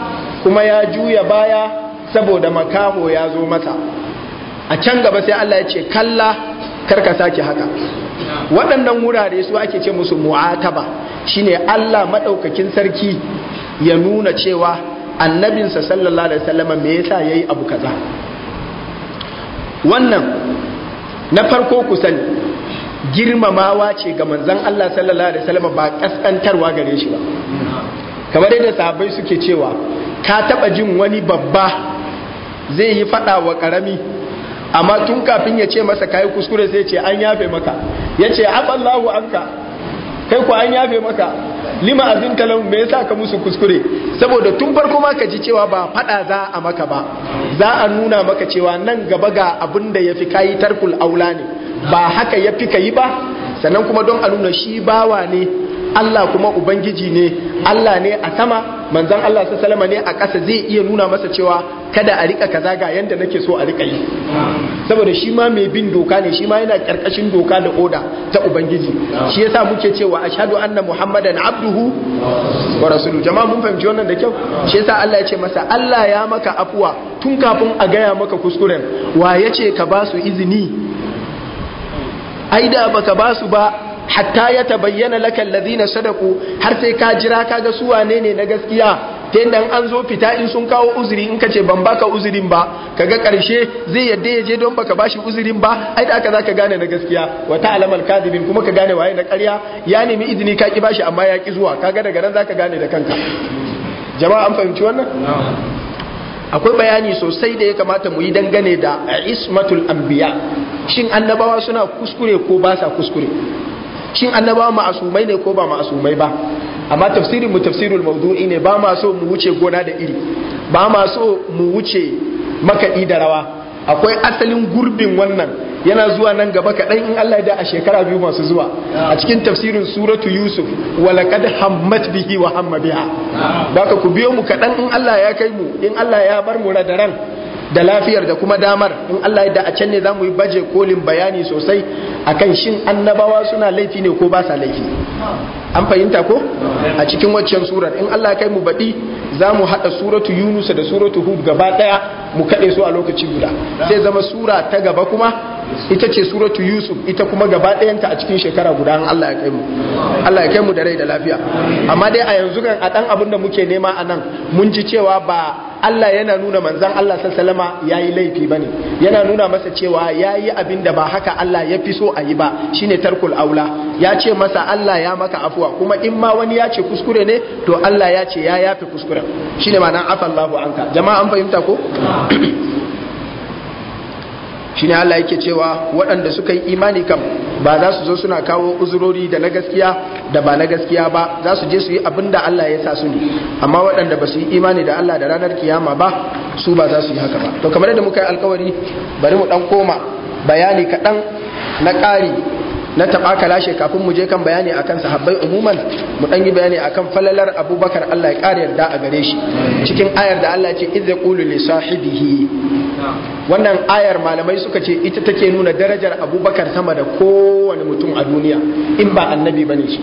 kuma ya juya baya saboda makaho ya zo masa a can gaba sai Allah ya ce kalla karka sake haka waɗannan wurare su ake ce musu mu'ataba shine Allah maɗaukakin sarki ya nuna cewa annabinsa sallallahu alaihi wasallama me yasa yayi abu kaza wannan na farko ku sani girmamawa ce ga manzon Allah sallallahu alaihi wasallam ba kaskantarwa gare shi ba kamar yadda sahabbai suke cewa ka taɓa jin wani babba zai yi fada wa karami amma tun kafin ya ce masa kai kuskure sai ce an yafe maka yace afallahu anka kai ku an yafe maka lima azin talau me yasa ka musu kuskure saboda tun farko ma ka ji cewa ba faɗa za a maka ba za a nuna maka cewa nan gaba ga abin da fi kayi tarkul aula ne ba haka ya fi ka yi ba sannan kuma don a nuna shi bawa ne Allah kuma Ubangiji ne Allah ne a sama manzan Allah su salama ne a ƙasa zai iya nuna masa cewa kada a rika kaza ga yadda nake so a rika yi saboda shi ma mai bin doka ne shi ma yana ƙarƙashin doka da oda ta Ubangiji shi yasa muke cewa ashhadu anna muhammadan abduhu wa rasulu jama'a mun fahimci wannan da kyau shi yasa Allah ya ce masa Allah ya maka afuwa tun kafin a gaya maka kuskuren wa ya ce ka ba su izini ai da baka ba su ba hatta ya tabayyana lakal ladina sadaku har sai ka jira kaga su wane ne na gaskiya ta dan an zo fita in sun kawo uzuri in ka ce ban baka uzurin ba kaga karshe zai yadda ya je don baka bashi uzurin ba ai da aka zaka gane na gaskiya wata alamar kadibin kuma ka gane waye na karya ya nemi izini ka ki bashi amma ya ki zuwa kaga daga nan zaka gane da kanka jama'a an fahimci wannan akwai bayani sosai da ya kamata mu yi dangane da ismatul anbiya shin annabawa suna kuskure ko ba sa kuskure shin annabawa ma'asumai ne ko ba ma'asumai ba amma tafsirin mu tafsirul mawdu'i ne ba ma so mu wuce gona da iri ba ma so mu wuce makaɗi da rawa akwai asalin gurbin wannan yana zuwa nan gaba kaɗan in Allah ya da a shekara biyu masu zuwa a cikin tafsirin suratu yusuf walaqad hammat bihi wa hamma biha baka ku biyo mu kaɗan in Allah ya kai mu in Allah ya bar mu radaran da lafiyar da kuma damar in Allah yadda a can ne za mu yi baje kolin bayani sosai a kan shin annabawa suna laifi ne ko ba sa laifi an fahimta ko a cikin waccan surar in Allah kai mu baɗi za mu haɗa suratu yunus da suratu hud gaba ɗaya mu kaɗe su a lokaci guda sai zama sura ta gaba kuma ita ce suratu yusuf ita kuma gaba ɗayanta a cikin shekara guda in Allah ya kai mu Allah ya kai mu da rai da lafiya amma dai a yanzu kan a ɗan abin da muke nema a nan mun ji cewa ba Allah yana nuna manzan Allah sallama ya yi laifi ba ne yana nuna masa cewa ya yi abin da ba haka Allah ya fi so a yi ba shine tarkul aula ya ce masa Allah ya maka afuwa kuma in ma wani ya ce kuskure ne to Allah ya ce ya yafi kuskuren shine ma'anar afallahu anka jama'a an fahimta ko shine Allah yake cewa waɗanda suka yi imani kam ba za su zo suna kawo uzurori da na gaskiya da ba na gaskiya ba za su je su yi abin da Allah ya sa su ne amma waɗanda ba su yi imani da Allah da ranar kiyama ba su ba za su yi haka ba to kamar yadda muka yi alkawari bari mu dan koma bayani kaɗan na ƙari na taɓa kalashe kafin mu je kan bayani akan sahabbai umuman mu ɗan yi bayani akan falalar abubakar Allah ya ƙara yarda a gare shi cikin ayar da Allah ce idza qulu li sahibihi wannan ayar malamai suka ce ita take nuna darajar abubakar sama da kowane mutum a duniya in ba annabi bane shi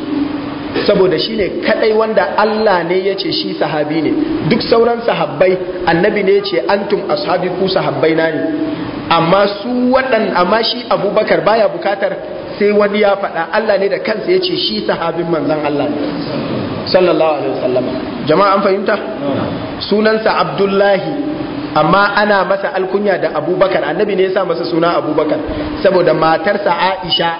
saboda shi ne kadai wanda Allah ne ya ce shi sahabi ne duk sauran sahabbai annabi ne ya ce antum ashabi ku sahabbai na ne amma su waɗan amma shi abubakar baya bukatar sai wani ya faɗa Allah ne da kansa ya ce shi sahabin manzon Allah ne sallallahu alaihi wasallam jama'a an fahimta sunansa Abdullahi amma ana masa alkunya da abubakar annabi ne ya sa masa suna abubakar saboda matarsa aisha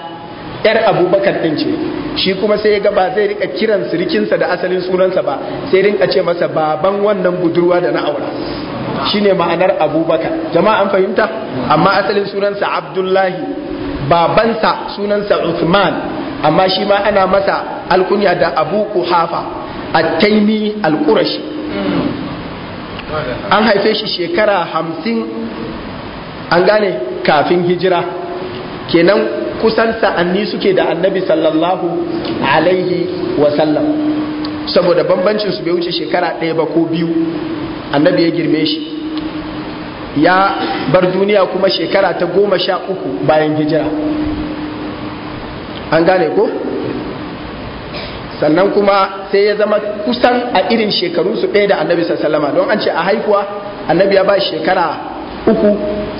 yar abubakar ɗin ce shi kuma sai ya ga ba zai rika kiran sirikinsa da asalin sunansa ba sai rinka ce masa baban wannan budurwa da na aura shine ma'anar abubakar jama'a an fahimta amma asalin sunansa abdullahi babansa sunansa Uthman amma shi ma ana masa alkunya da Abu Kuhafa at-Taimi al-Qurashi an haife shi shekara hamsin an gane kafin hijira kenan kusan sa'anni suke da annabi sallallahu alaihi wasallam saboda bambancin bai wuce shekara ɗaya ba ko biyu annabi ya girme shi ya bar duniya kuma shekara ta goma sha uku bayan hijira an gane ko sannan kuma sai ya zama kusan a irin shekaru su ɗaya da annabi sallama don an ce a haihuwa annabi ya ba shekara uku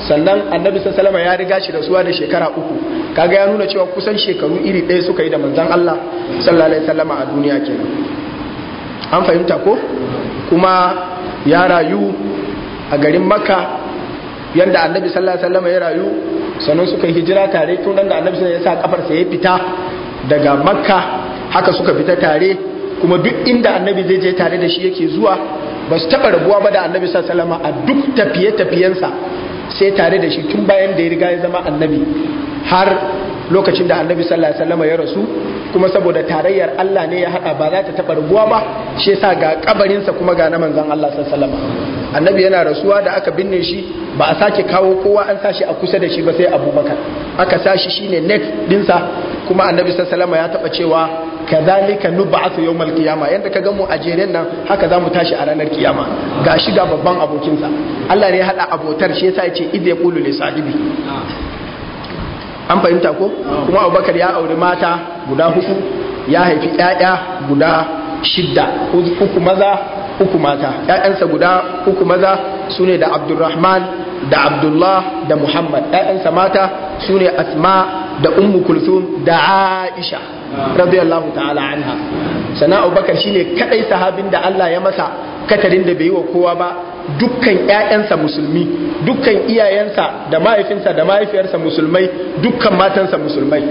sannan annabi sallama ya riga shi da suwa da shekara uku kaga ya nuna cewa kusan shekaru iri ɗaya suka yi da manzan Allah sallallahu sallama a duniya kenan an fahimta ko kuma ya rayu a garin makka yanda annabi sallallahu alaihi wasallam ya rayu sannan suka hijira tare tun da annabi sai ya sa ya sa kafarsa ya fita daga makka haka suka fita tare kuma duk inda annabi zai je tare da shi yake zuwa ba su taɓa rabuwa ba da annabi sallallahu alaihi wasallam a duk tafiye-tafiyensa sai tare da shi tun bayan da ya riga ya zama annabi har lokacin da annabi sallallahu alaihi wasallam ya rasu kuma saboda tarayyar Allah ne ya haɗa ba za ta taɓa raguwa ba shi yasa ga kabarinsa kuma ga na manzon Allah sallallahu alaihi annabi yana rasuwa da aka binne shi ba a sake kawo kowa an sashi a kusa da shi ba sai abubakar aka sashi shine next dinsa kuma annabi sallallahu ya taɓa cewa kadhalika nub'atu yawmal qiyama yanda ka ga mu a jeren nan haka zamu tashi a ranar kiyama ga shi ga babban abokinsa Allah ne ya haɗa abotar shi yasa yace idza yaqulu li sahibi an fahimta ko kuma abubakar ya auri mata guda huku ya haifi ƴaƴa guda shidda uku maza uku mata ƴaƴansa guda uku maza sune da Abdulrahman da Abdullah da Muhammad ƴaƴansa mata sune Asma da Ummu Kulthum da Aisha radiyallahu ta'ala anha sana Abubakar shine kadai sahabin da Allah ya masa katarin da bai yi wa kowa ba dukkan ƴaƴansa musulmi dukkan iyayensa da mahaifinsa da mahaifiyarsa musulmai dukkan matansa musulmai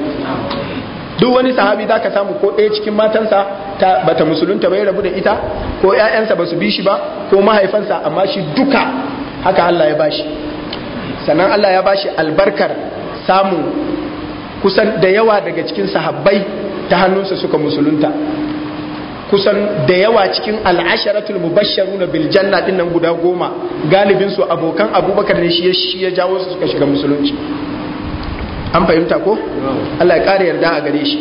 duk wani sahabi zaka samu ko ɗaya cikin matansa ta bata musulunta bai rabu da ita ko ƴaƴansa basu bi shi ba ko mahaifansa amma shi duka haka Allah ya bashi sannan Allah ya bashi albarkar samu kusan da yawa daga cikin sahabbai ta hannunsa suka musulunta kusan da yawa cikin al'asharatul mubashsharuna bil janna dinnan guda goma galibin su abokan abubakar ne shi ya jawo su suka shiga musulunci an fahimta ko Allah ya ƙara yarda a gare shi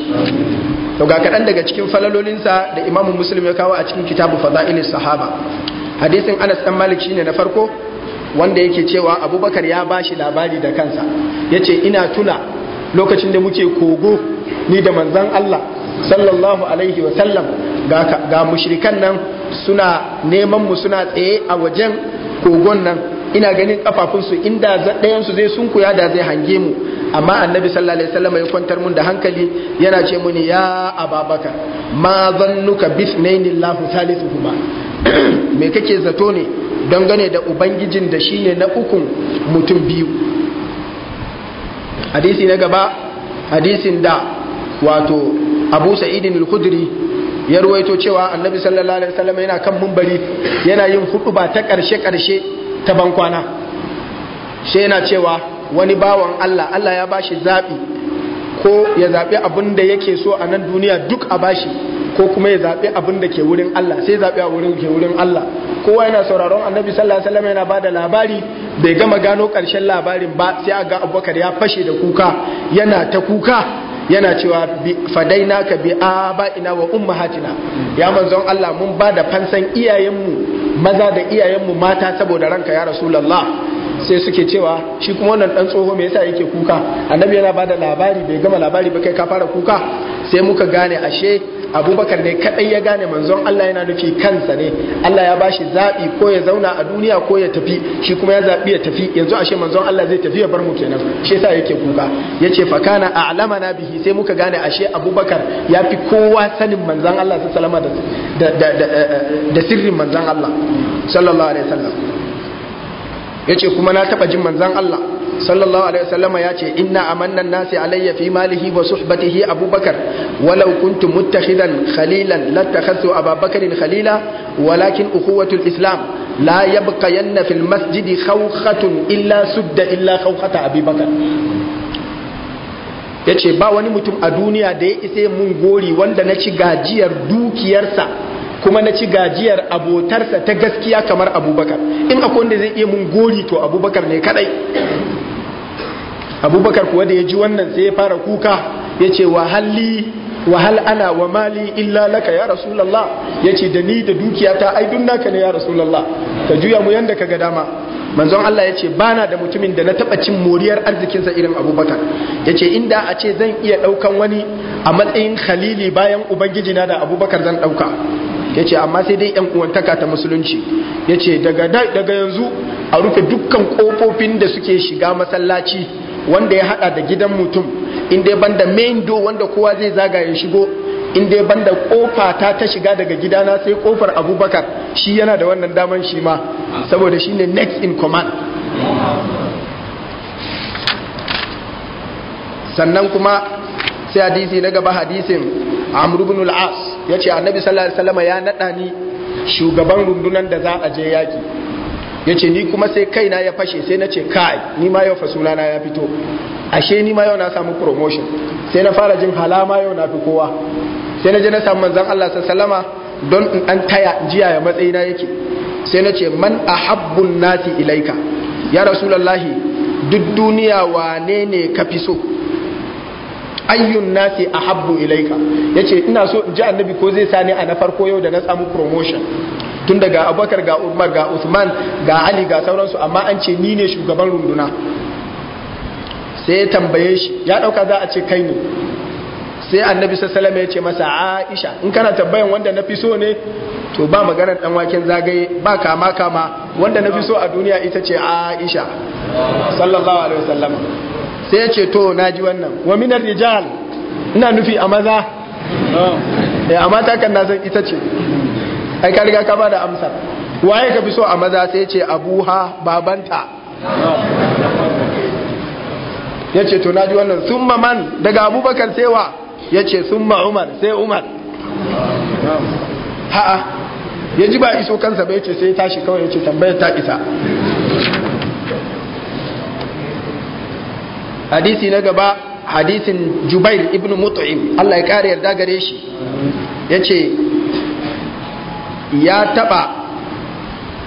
to ga kaɗan daga cikin falalolinsa da imamu muslim ya kawo a cikin kitabu fada'ilis sahaba hadisin anas dan malik shine na farko wanda yake cewa abubakar ya bashi labari da kansa ya ce ina tuna lokacin da muke kogo ni da manzon Allah sallallahu alaihi wa sallam ga mushrikan nan suna neman mu suna tsaye a wajen kogon nan ina ganin kafafunsu inda ɗayan su zai sunkuya da zai hange mu amma annabi sallallahu alaihi wasallam ya kwantar mun da hankali yana ce muni ya ababaka ma zannuka bithnaini llahu thalithuhuma me kake zato ne don dangane da ubangijin da shine na ukun mutum biyu hadisi na gaba hadisin da wato abu sa'idin al-khudri ya ruwaito cewa annabi sallallahu alaihi wasallam yana kan mumbari yana yin hudu ba ta karshe karshe ta bankwana shi yana cewa wani bawan Allah Allah ya bashi zaɓi ko ya zaɓi abin da yake so a nan duniya duk a bashi ko kuma ya zaɓi abin da ke wurin Allah sai zaɓi a wurin ke wurin Allah kowa yana sauraron annabi sallallahu alaihi wasallam yana bada labari bai gama gano ƙarshen labarin ba sai a ga abubakar ya fashe da kuka yana ta kuka yana cewa fadaina ka bi a ba'ina wa umma hatina ya manzon Allah mun ba da fansan iyayenmu maza da iyayenmu mata saboda ranka ya rasulallah sai suke cewa shi kuma wannan dan tsoho me yasa yake kuka annabi yana bada labari bai gama labari ba kai ka fara kuka sai muka gane ashe abubakar ne kadai ya gane manzon Allah yana nufi kansa ne Allah ya bashi zaɓi ko ya zauna a duniya ko ya tafi shi kuma ya zaɓi ya tafi yanzu ashe manzon Allah zai tafi ya bar mu kenan shi yasa yake kuka yace fa kana na bihi sai muka gane ashe abubakar ya fi kowa sanin manzon Allah sallallahu alaihi wasallam da sirrin manzon Allah sallallahu alaihi wasallam yace kuma na taɓa jin manzon Allah sallallahu alaihi wasallam ya ce inna amanna nasi alayya fi malihi wa suhbatihi abubakar walau kuntu muttakhidan khalilan lattakhadtu ababakarin khalila walakin ukhuwatu islam la yanna fil masjidi khawkhatun illa sudda illa khawkhata abubakar yace ba wani mutum a duniya da ya isa mun gori wanda na ci gajiyar dukiyarsa kuma na ci gajiyar abotarsa ta gaskiya kamar abubakar in akwai wanda zai iya mun gori to abubakar ne kadai abubakar kuwa da ya ji wannan sai ya fara kuka ya ce wahalli wahal ana wa mali illa laka ya rasulallah ya ce da ni da dukiyata ai aidun naka ne ya rasulallah ka juya mu yadda ka ga dama manzon Allah ya ce ba na da mutumin da na taɓa cin moriyar arzikinsa irin abubakar ya ce inda a ce zan iya ɗaukan wani a matsayin khalili bayan ubangiji na da abubakar zan ɗauka ya ce amma sai dai 'yan uwantaka ta musulunci ya ce daga yanzu a rufe dukkan ƙofofin da suke shiga masallaci wanda ya hada da gidan mutum inda ya banda main door wanda kowa zai zaga ya shigo inda dai banda kofa ta ta shiga daga gidana sai kofar abubakar shi yana da wannan daman shi ma saboda shi ne next in command sannan kuma sai hadisi na gaba hadisin amru bin ya as yace annabi sallallahu alaihi ya nada ni shugaban rundunar da za a je yaki ya ce ni kuma sai kaina ya fashe sai na ce kai ni ma yau fasulana ya fito ashe ni ma yau na samu promotion sai na fara jin halama yau na fi kowa sai na je na samu manzan Allah sallama don in an taya jiya ya matsayina yake sai na ce man ahabbun nasi ilaika ya rasulullahi duk duniya wane ne ka fi so ayyun nasi ahabbu ilaika yace ina so in ji annabi ko zai sani a na farko yau da na samu promotion tun daga abubakar ga umar ga usman ga ali ga sauransu amma an ce ni ne shugaban runduna sai ya tambaye shi ya dauka za a ce kai ne sai annabi sassalama ya ce masa aisha in kana tabbayan wanda na fi so ne to ba maganar dan waken zagaye ba kama kama wanda na fi so a duniya ita ce aisha sallallahu alaihi wasallam sai ya ce to ji wannan wa minar rijal ina nufi a maza ya oh. eh, amma kan na san ita ce ai ka riga ka ba da amsar waye ka fi so a maza sai ce abuha babanta ya ce to naji wannan summa man daga abubakar sai wa ya ce summa umar sai umar ha'a ya ji ba iso kansa bai ce sai tashi kawai ya ce tambayar ta isa hadisi na gaba hadisin jubair ibn mut'im Allah ya kare yarda gare shi yace ya taba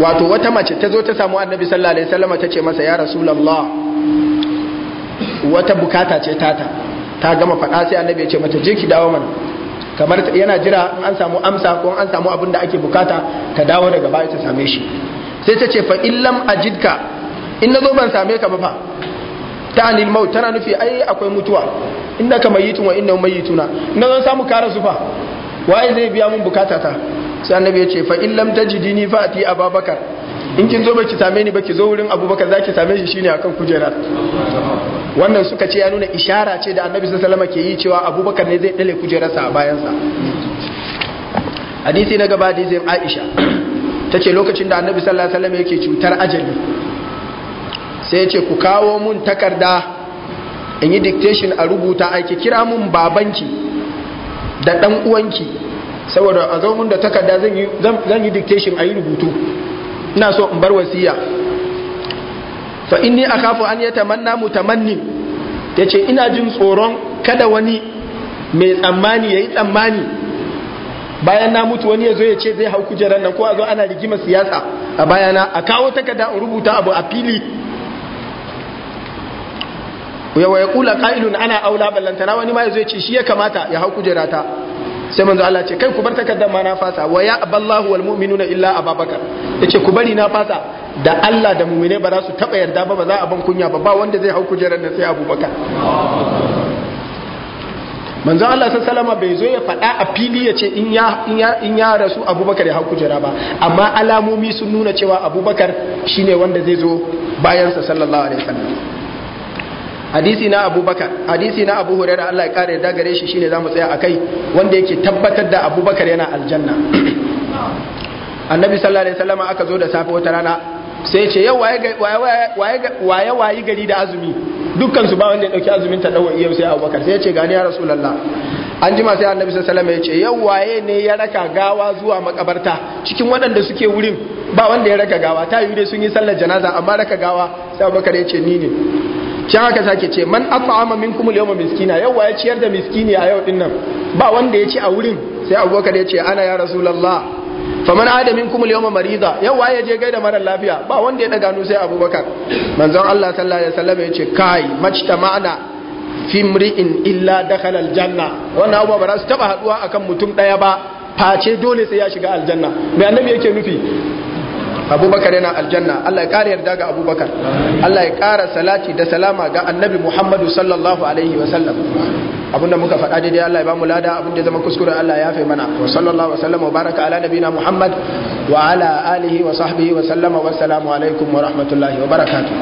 wato wata mace ta zo ta samu annabi sallallahu alaihi wasallam ta ce masa ya rasulullah wata bukata ce tata ta gama faɗa sai annabi ya ce mata je ki dawo mana kamar yana jira an samu amsa ko an samu abin da ake bukata ta dawo daga baya ta same shi sai ta ce fa illam ajidka in nazo ban same ka ba fa ta anil maut tana nufi ai akwai mutuwa innaka mayitun wa innahum mayituna in nazo samu ka rasu fa waye zai biya mun bukata ta sai annabi ya ce fa in lam tajidini fa ati ababakar in kin zo baki same ni baki zo wurin abubakar zaki same shi shine akan kujera wannan suka ce ya nuna ishara ce da annabi sallallahu alaihi wasallam ke yi cewa abubakar ne zai dale kujerarsa a bayansa hadisi na gaba zai aisha tace lokacin da annabi sallallahu alaihi wasallam yake cutar ajali sai ya ce ku kawo mun takarda in yi dictation a rubuta aiki kira mun babanki da dan uwanki saboda a zaunin da takarda zan yi dictation a yi rubutu ina so in bar wasiya fa inni akhafu an yatamanna mutamanni yace ina jin tsoron kada wani mai tsammani yayi tsammani bayan na mutu wani ya zo ya ce zai hau kujerar nan ko a zo ana rigima siyasa a bayana a kawo takarda in rubuta abu a fili ya wa ka'ilun ana aula ballantana wani ma ya zo ya ce shi ya kamata ya hau kujerata sai manzo Allah ce kai ku bar takardar ma na fasa wa ya aballahu wal mu'minuna illa ababakar yace ku bari na fasa da Allah da mu'mine ba za su taba yarda ba ba za a ban kunya ba ba wanda zai hau kujerar nan sai abubakar manzo Allah sallallahu alaihi bai zo ya faɗa a fili ya ce in ya in ya in ya rasu Abubakar ya hau kujera ba amma alamomi sun nuna cewa Abubakar shine wanda zai zo bayan sa sallallahu alaihi wasallam hadisi na abubakar hadisi na abu hurairah Allah ya kare da gare shi shine zamu tsaya akai wanda yake tabbatar da abubakar yana aljanna annabi sallallahu alaihi wasallam aka zo da safe wata rana sai ce yau waye waye gari da azumi dukkan su ba wanda ya dauki azumin ta dawo yau sai abubakar sai ya ce gani ya rasulullah an jima sai annabi sallallahu alaihi wasallam ya ce yau waye ne ya raka gawa zuwa makabarta cikin waɗanda suke wurin ba wanda ya raka gawa ta yi dai sun yi sallar janaza amma raka gawa sai abubakar ya ce ni ne shi haka sake ce man at'ama minkum al-yawma miskina yau wa ya ciyar da miskini a yau din nan ba wanda ya ci a wurin sai abubakar ya ce ana ya rasulullah faman ada minkum al-yawma marida yau wa ya je gaida mara lafiya ba wanda ya daga nu sai abubakar manzon Allah sallallahu alaihi wasallam ya ce kai majta ma'ana fi mri'in illa dakhala al-janna wannan abuwa ba za su taba haduwa akan mutum daya ba face dole sai ya shiga aljanna mai annabi yake nufi abubakar yana aljanna Allah ya ƙara yarda ga abubakar Allah ya ƙara salati da salama ga annabi muhammadu sallallahu alaihi wasallam abinda muka faɗa daidai Allah ya ba mu lada abinda zama kuskure Allah ya yafe mana wa sallallahu wa sallama wa baraka ala nabina muhammad wa ala alihi wa sahbihi wa sallama wa alaikum wa rahmatullahi wa barakatuh